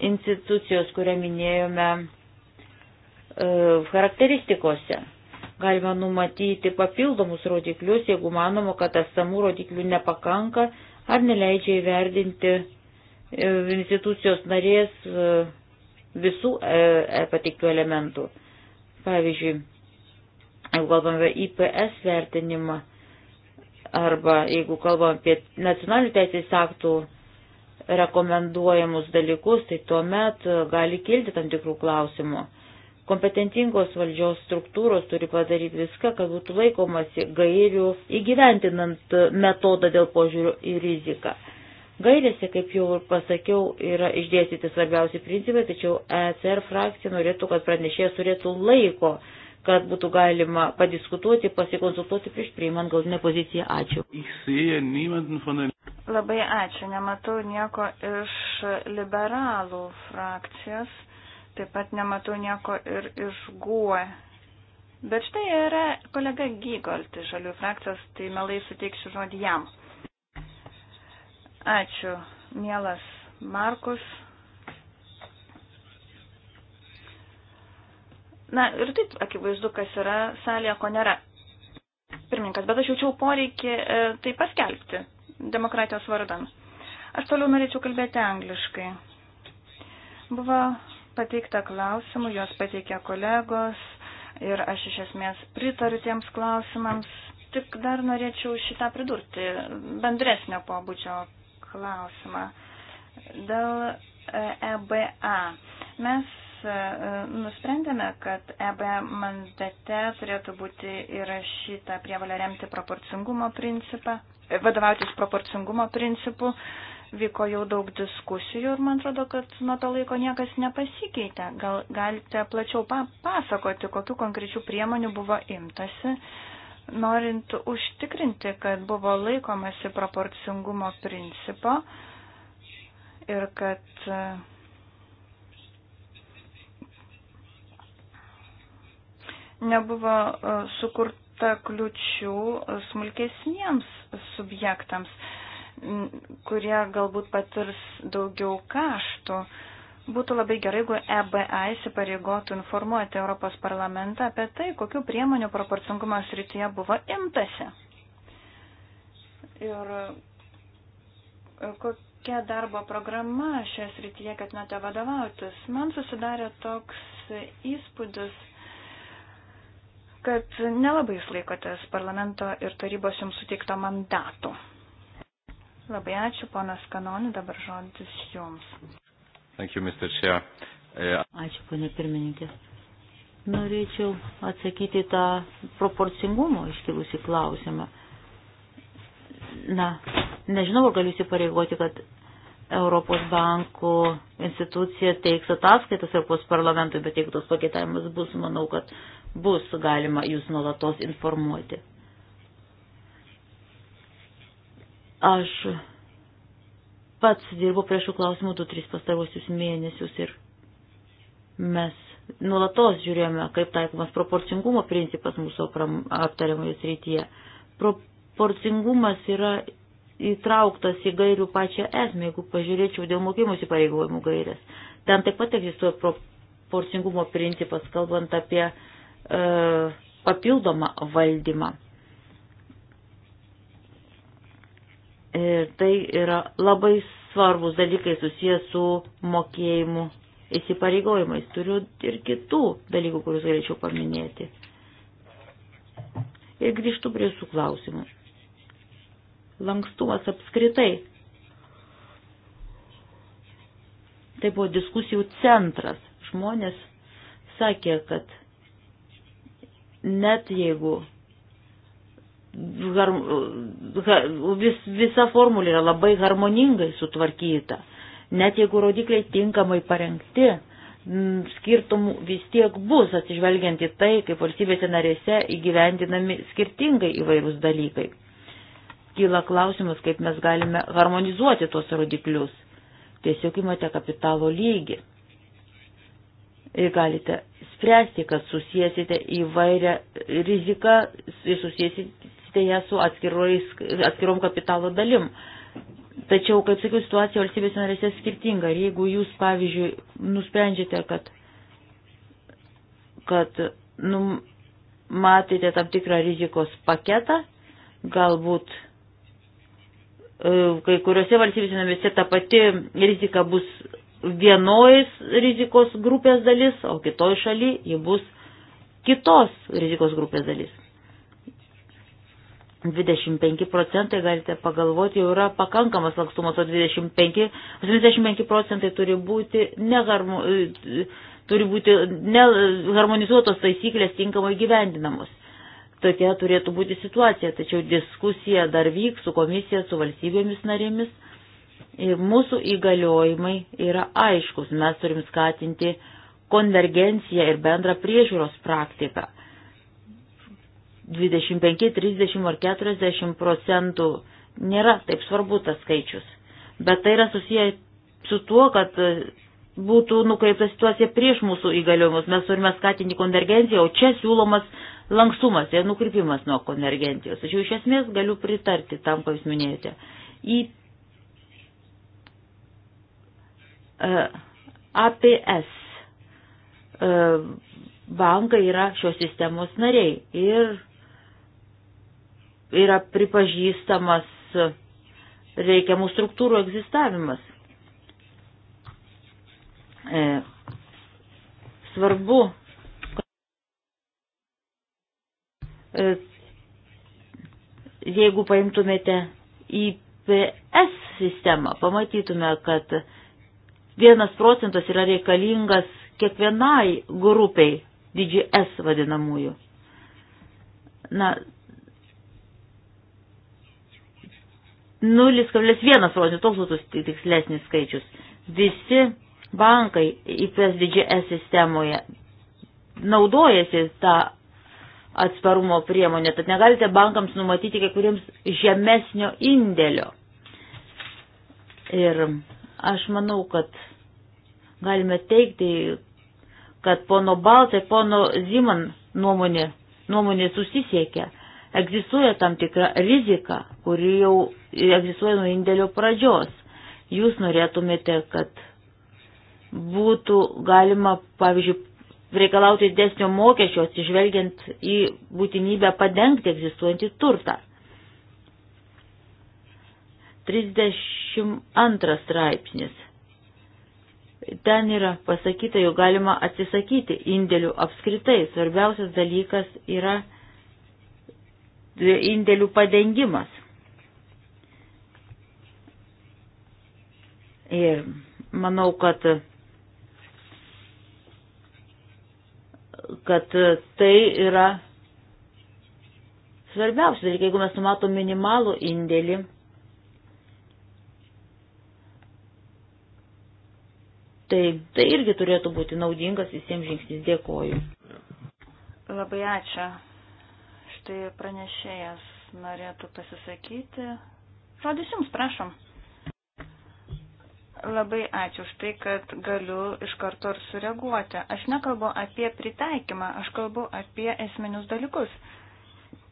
institucijos, kurią minėjome e, charakteristikose. Galima numatyti papildomus rodiklius, jeigu manoma, kad esamų rodiklių nepakanka ar neleidžia įverdinti e, institucijos narės e, visų pateiktų elementų. Pavyzdžiui, jeigu kalbame apie IPS vertinimą arba jeigu kalbame apie nacionalinių teisės aktų rekomenduojamus dalykus, tai tuomet e, gali kilti tam tikrų klausimų. Kompetentingos valdžios struktūros turi padaryti viską, kad būtų laikomasi gairių įgyventinant metodą dėl požiūrių į riziką. Gairėse, kaip jau pasakiau, yra išdėstyti svarbiausi principai, tačiau ECR frakcija norėtų, kad pranešėjas turėtų laiko kad būtų galima padiskutuoti, pasikonsultuoti prieš priimant galutinę poziciją. Ačiū. Labai ačiū. Nematau nieko iš liberalų frakcijos, taip pat nematau nieko ir iš GUE. Bet štai yra kolega Gygolt iš žalių frakcijos, tai melai suteiksiu žodį jam. Ačiū, mielas Markus. Na ir taip akivaizdu, kas yra salėje, ko nėra. Pirmininkas, bet aš jaučiau poreikį e, tai paskelbti demokratijos vardan. Aš toliau norėčiau kalbėti angliškai. Buvo pateikta klausimų, juos pateikė kolegos ir aš iš esmės pritariu tiems klausimams. Tik dar norėčiau šitą pridurti, bendresnio pobūdžio klausimą dėl EBA. E Mes E, nusprendėme, kad EB mandate turėtų būti įrašyta prievalė remti proporcingumo principą, e, vadovautis proporcingumo principu. Vyko jau daug diskusijų ir man atrodo, kad nuo to laiko niekas nepasikeitė. Gal galite plačiau papasakoti, kokiu konkrečiu priemonių buvo imtasi, norint užtikrinti, kad buvo laikomasi proporcingumo principo ir kad uh, nebuvo e, sukurta kliučių smulkesniems subjektams, kurie galbūt patirs daugiau kaštų. Būtų labai gerai, jeigu EBA įsipareigotų informuoti Europos parlamentą apie tai, kokiu priemonių proporcingumo srityje buvo imtasi. Ir e, kokia darbo programa šioje srityje ketinate vadovautis. Man susidarė toks įspūdis, kad nelabai jūs laikotės parlamento ir tarybos jums suteikto mandato. Labai ačiū, ponas Kanoni, dabar žodis jums. Thank you, Mr. Chair. Yeah. Ačiū, ponė pirmininkė. Norėčiau atsakyti tą proporcingumo iškilusi klausimą. Na, nežinau, ar galiu įsipareigoti, kad Europos bankų institucija teiks ataskaitas Europos parlamentui, bet jeigu tos pakeitavimas bus, manau, kad uh, bus galima jūs nuolatos informuoti. Aš pats dirbu prie šių klausimų 2-3 pastaruosius mėnesius ir mes nuolatos žiūrėjome, kaip taikomas proporcingumo principas mūsų aptariamoje srityje. Proporcingumas yra įtrauktas į gairių pačią esmę, jeigu pažiūrėčiau dėl mokymus įpareigojimų gairias. Ten taip pat egzistuoja proporcingumo principas, kalbant apie uh, E, papildomą valdymą. Ir tai yra labai svarbus dalykai susijęs su mokėjimu įsipareigojimais. Turiu ir kitų dalykų, kuriuos galėčiau paminėti. Ir grįžtu prie jūsų klausimų. Lankstumas apskritai. Tai buvo diskusijų centras. Žmonės sakė, kad net jeigu har, vis, visa formulė yra labai harmoningai sutvarkyta, net jeigu rodikliai tinkamai parengti, skirtumų vis tiek bus atsižvelgiant į tai, kaip valstybėse narėse įgyvendinami skirtingai įvairūs dalykai. Kyla klausimas, kaip mes galime harmonizuoti tuos rodiklius. Tiesiog įmate kapitalo lygį ir galite spręsti, kad susijęsite įvairią riziką ir susijęsite ją su atskirom kapitalo dalim. Tačiau, kaip sakiau, situacija valstybės narėse skirtinga. Ir jeigu jūs, pavyzdžiui, nusprendžiate, kad, kad nu, matėte tam tikrą rizikos paketą, galbūt e, kai kuriuose valstybėse narėse ta pati rizika bus vienojais rizikos grupės dalis, o kitoj šaly ji bus kitos rizikos grupės dalis. 25 procentai, galite pagalvoti, jau yra pakankamas lankstumas, o 25, 25 procentai turi būti, neharmo, turi būti neharmonizuotos taisyklės tinkamai gyvendinamos. Tokia turėtų būti situacija, tačiau diskusija dar vyks su komisija, su valstybėmis narėmis Ir mūsų įgaliojimai yra aiškus. Mes turim skatinti konvergenciją ir bendrą priežiūros praktiką. 25, 30 ar 40 procentų nėra taip svarbu tas skaičius. Bet tai yra susiję su tuo, kad būtų nukreipta situacija prieš mūsų įgaliojimus. Mes turime skatinti konvergenciją, o čia siūlomas lankstumas ir tai nukrypimas nuo konvergencijos. Tačiau iš esmės galiu pritarti tam, ką jūs minėjote. Į E, APS e, bankai yra šios sistemos nariai ir yra pripažįstamas reikiamų struktūrų egzistavimas. E, svarbu, jeigu paimtumėte IPS sistemą, pamatytume, kad vienas procentas yra reikalingas kiekvienai grupiai, DGS vadinamųjų. Na, 0,1 procentas, toks būtų tikslesnis skaičius. Visi bankai IPS DGS sistemoje naudojasi tą atsparumo priemonę, tad negalite bankams numatyti kai kuriems žemesnio indėlio. Ir Aš manau, kad galime teikti, kad pono Baltai, pono Ziman nuomonė, nuomonė susisiekia. Egzistuoja tam tikra rizika, kuri jau egzistuoja nuo indėlio pradžios. Jūs norėtumėte, kad būtų galima, pavyzdžiui, reikalauti didesnio mokesčio atsižvelgiant į būtinybę padengti egzistuojantį turtą. 32 straipsnis. Ten yra pasakyta, jau galima atsisakyti indėlių apskritai. Svarbiausias dalykas yra indėlių padengimas. Ir manau, kad, kad tai yra svarbiausia dalykai, jeigu mes numatom minimalų indėlį Tai, tai irgi turėtų būti naudingas visiems žingsnis. Dėkoju. Labai ačiū. Štai pranešėjas norėtų pasisakyti. Žodis jums, prašom. Labai ačiū už tai, kad galiu iš karto ir sureaguoti. Aš nekalbu apie pritaikymą, aš kalbu apie esminius dalykus.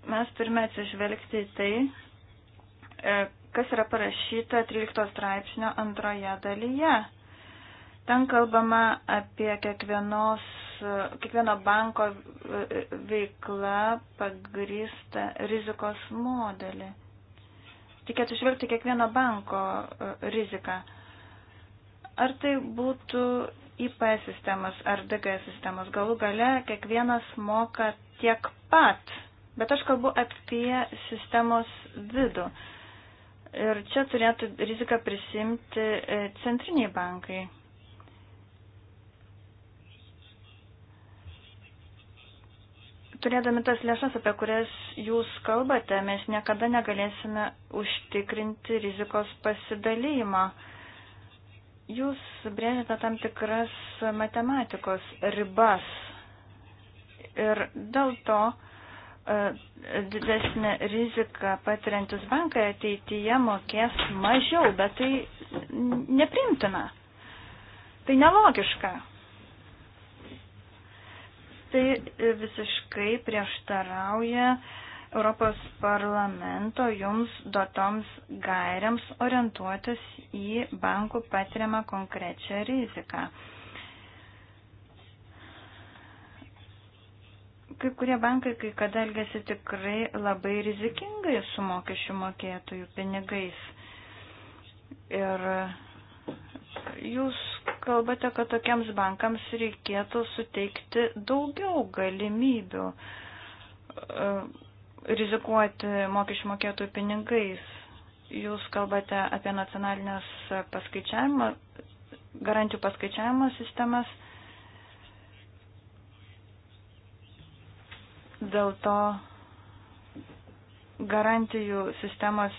Mes turime atsižvelgti į tai, e, kas yra parašyta 13 straipsnio antroje dalyje. Ten kalbama apie kiekvienos, kiekvieno banko veiklą pagrįstą rizikos modelį. Reikėtų išvelgti kiekvieno banko e, riziką. Ar tai būtų IP sistemas ar DG sistemas, galų gale kiekvienas moka tiek pat, bet aš kalbu apie sistemos vidų. Ir čia turėtų riziką prisimti e, centriniai bankai. Turėdami tas lėšas, apie kurias jūs kalbate, mes niekada negalėsime užtikrinti rizikos pasidalymo. Jūs brėžiate tam tikras matematikos ribas ir dėl to e, didesnė rizika patiriantis bankai ateityje mokės mažiau, bet tai neprimtina. Tai nelogiška tai visiškai prieštarauja Europos parlamento jums duotoms gairiams orientuotis į bankų patiriamą konkrečią riziką. Kai kurie bankai kai kada elgesi tikrai labai rizikingai su mokesčių mokėtojų pinigais. Ir Jūs kalbate, kad tokiems bankams reikėtų suteikti daugiau galimybių e, rizikuoti mokesčių mokėtojų pinigais. Jūs kalbate apie nacionalinės paskaičiavimo, garantijų paskaičiavimo sistemas. Dėl to garantijų sistemas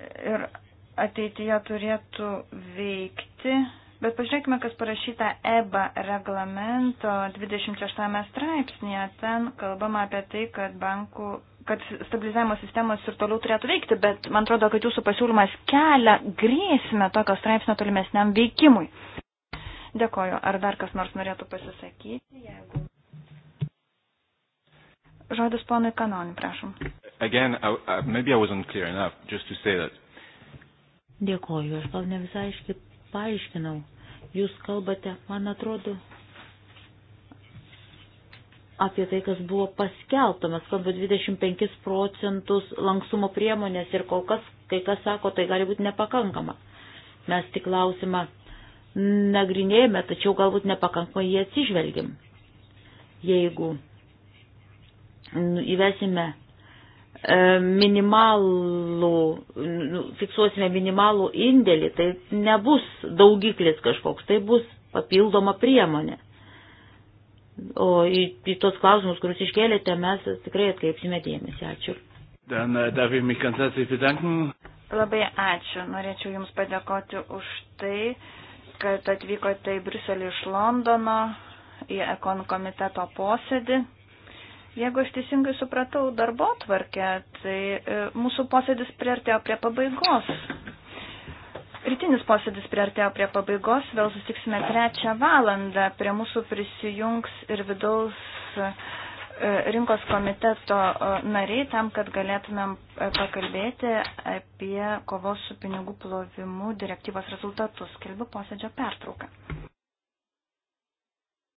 ir ateityje turėtų veikti. Bet pažiūrėkime, kas parašyta EBA reglamento 26 straipsnėje. Ten kalbama apie tai, kad bankų kad stabilizavimo sistemos ir toliau turėtų veikti, bet man atrodo, kad jūsų pasiūlymas kelia grėsmę tokio straipsnio tolimesniam veikimui. Dėkoju. Ar dar kas nors norėtų pasisakyti? Jeigu... Žodis ponui Kanonį, prašom. Again, I, I, maybe I wasn't clear enough just to say that Dėkoju, aš gal ne visai aiškiai paaiškinau. Jūs kalbate, man atrodo, apie tai, kas buvo paskelbta. Mes kalbame 25 procentus lankstumo priemonės ir kol kas, kai kas sako, tai gali būti nepakankama. Mes tik klausimą nagrinėjame, tačiau galbūt nepakankamai jį atsižvelgiam. Jeigu nu, įvesime E, minimalų, nu, fiksuosime minimalų indėlį, tai nebus daugiklis kažkoks, tai bus papildoma priemonė. O į, į tos klausimus, kuriuos iškėlėte, mes tikrai atkreipsime dėmesį. Ačiū. Dan, äh, darf ich mich ganz herzlich bedanken. Labai ačiū. Norėčiau Jums padėkoti už tai, kad atvykote į Briuselį iš Londono į Ekon komiteto posėdį. Jeigu aš teisingai supratau darbo tvarkę, tai e, mūsų posėdis priartėjo prie pabaigos. Rytinis posėdis priartėjo prie pabaigos, vėl susitiksime trečią valandą. Prie mūsų prisijungs ir vidaus e, rinkos komiteto e, nariai tam, kad galėtumėm pakalbėti apie kovos su pinigų plovimu direktyvos rezultatus. Kelbiu posėdžio pertrauką.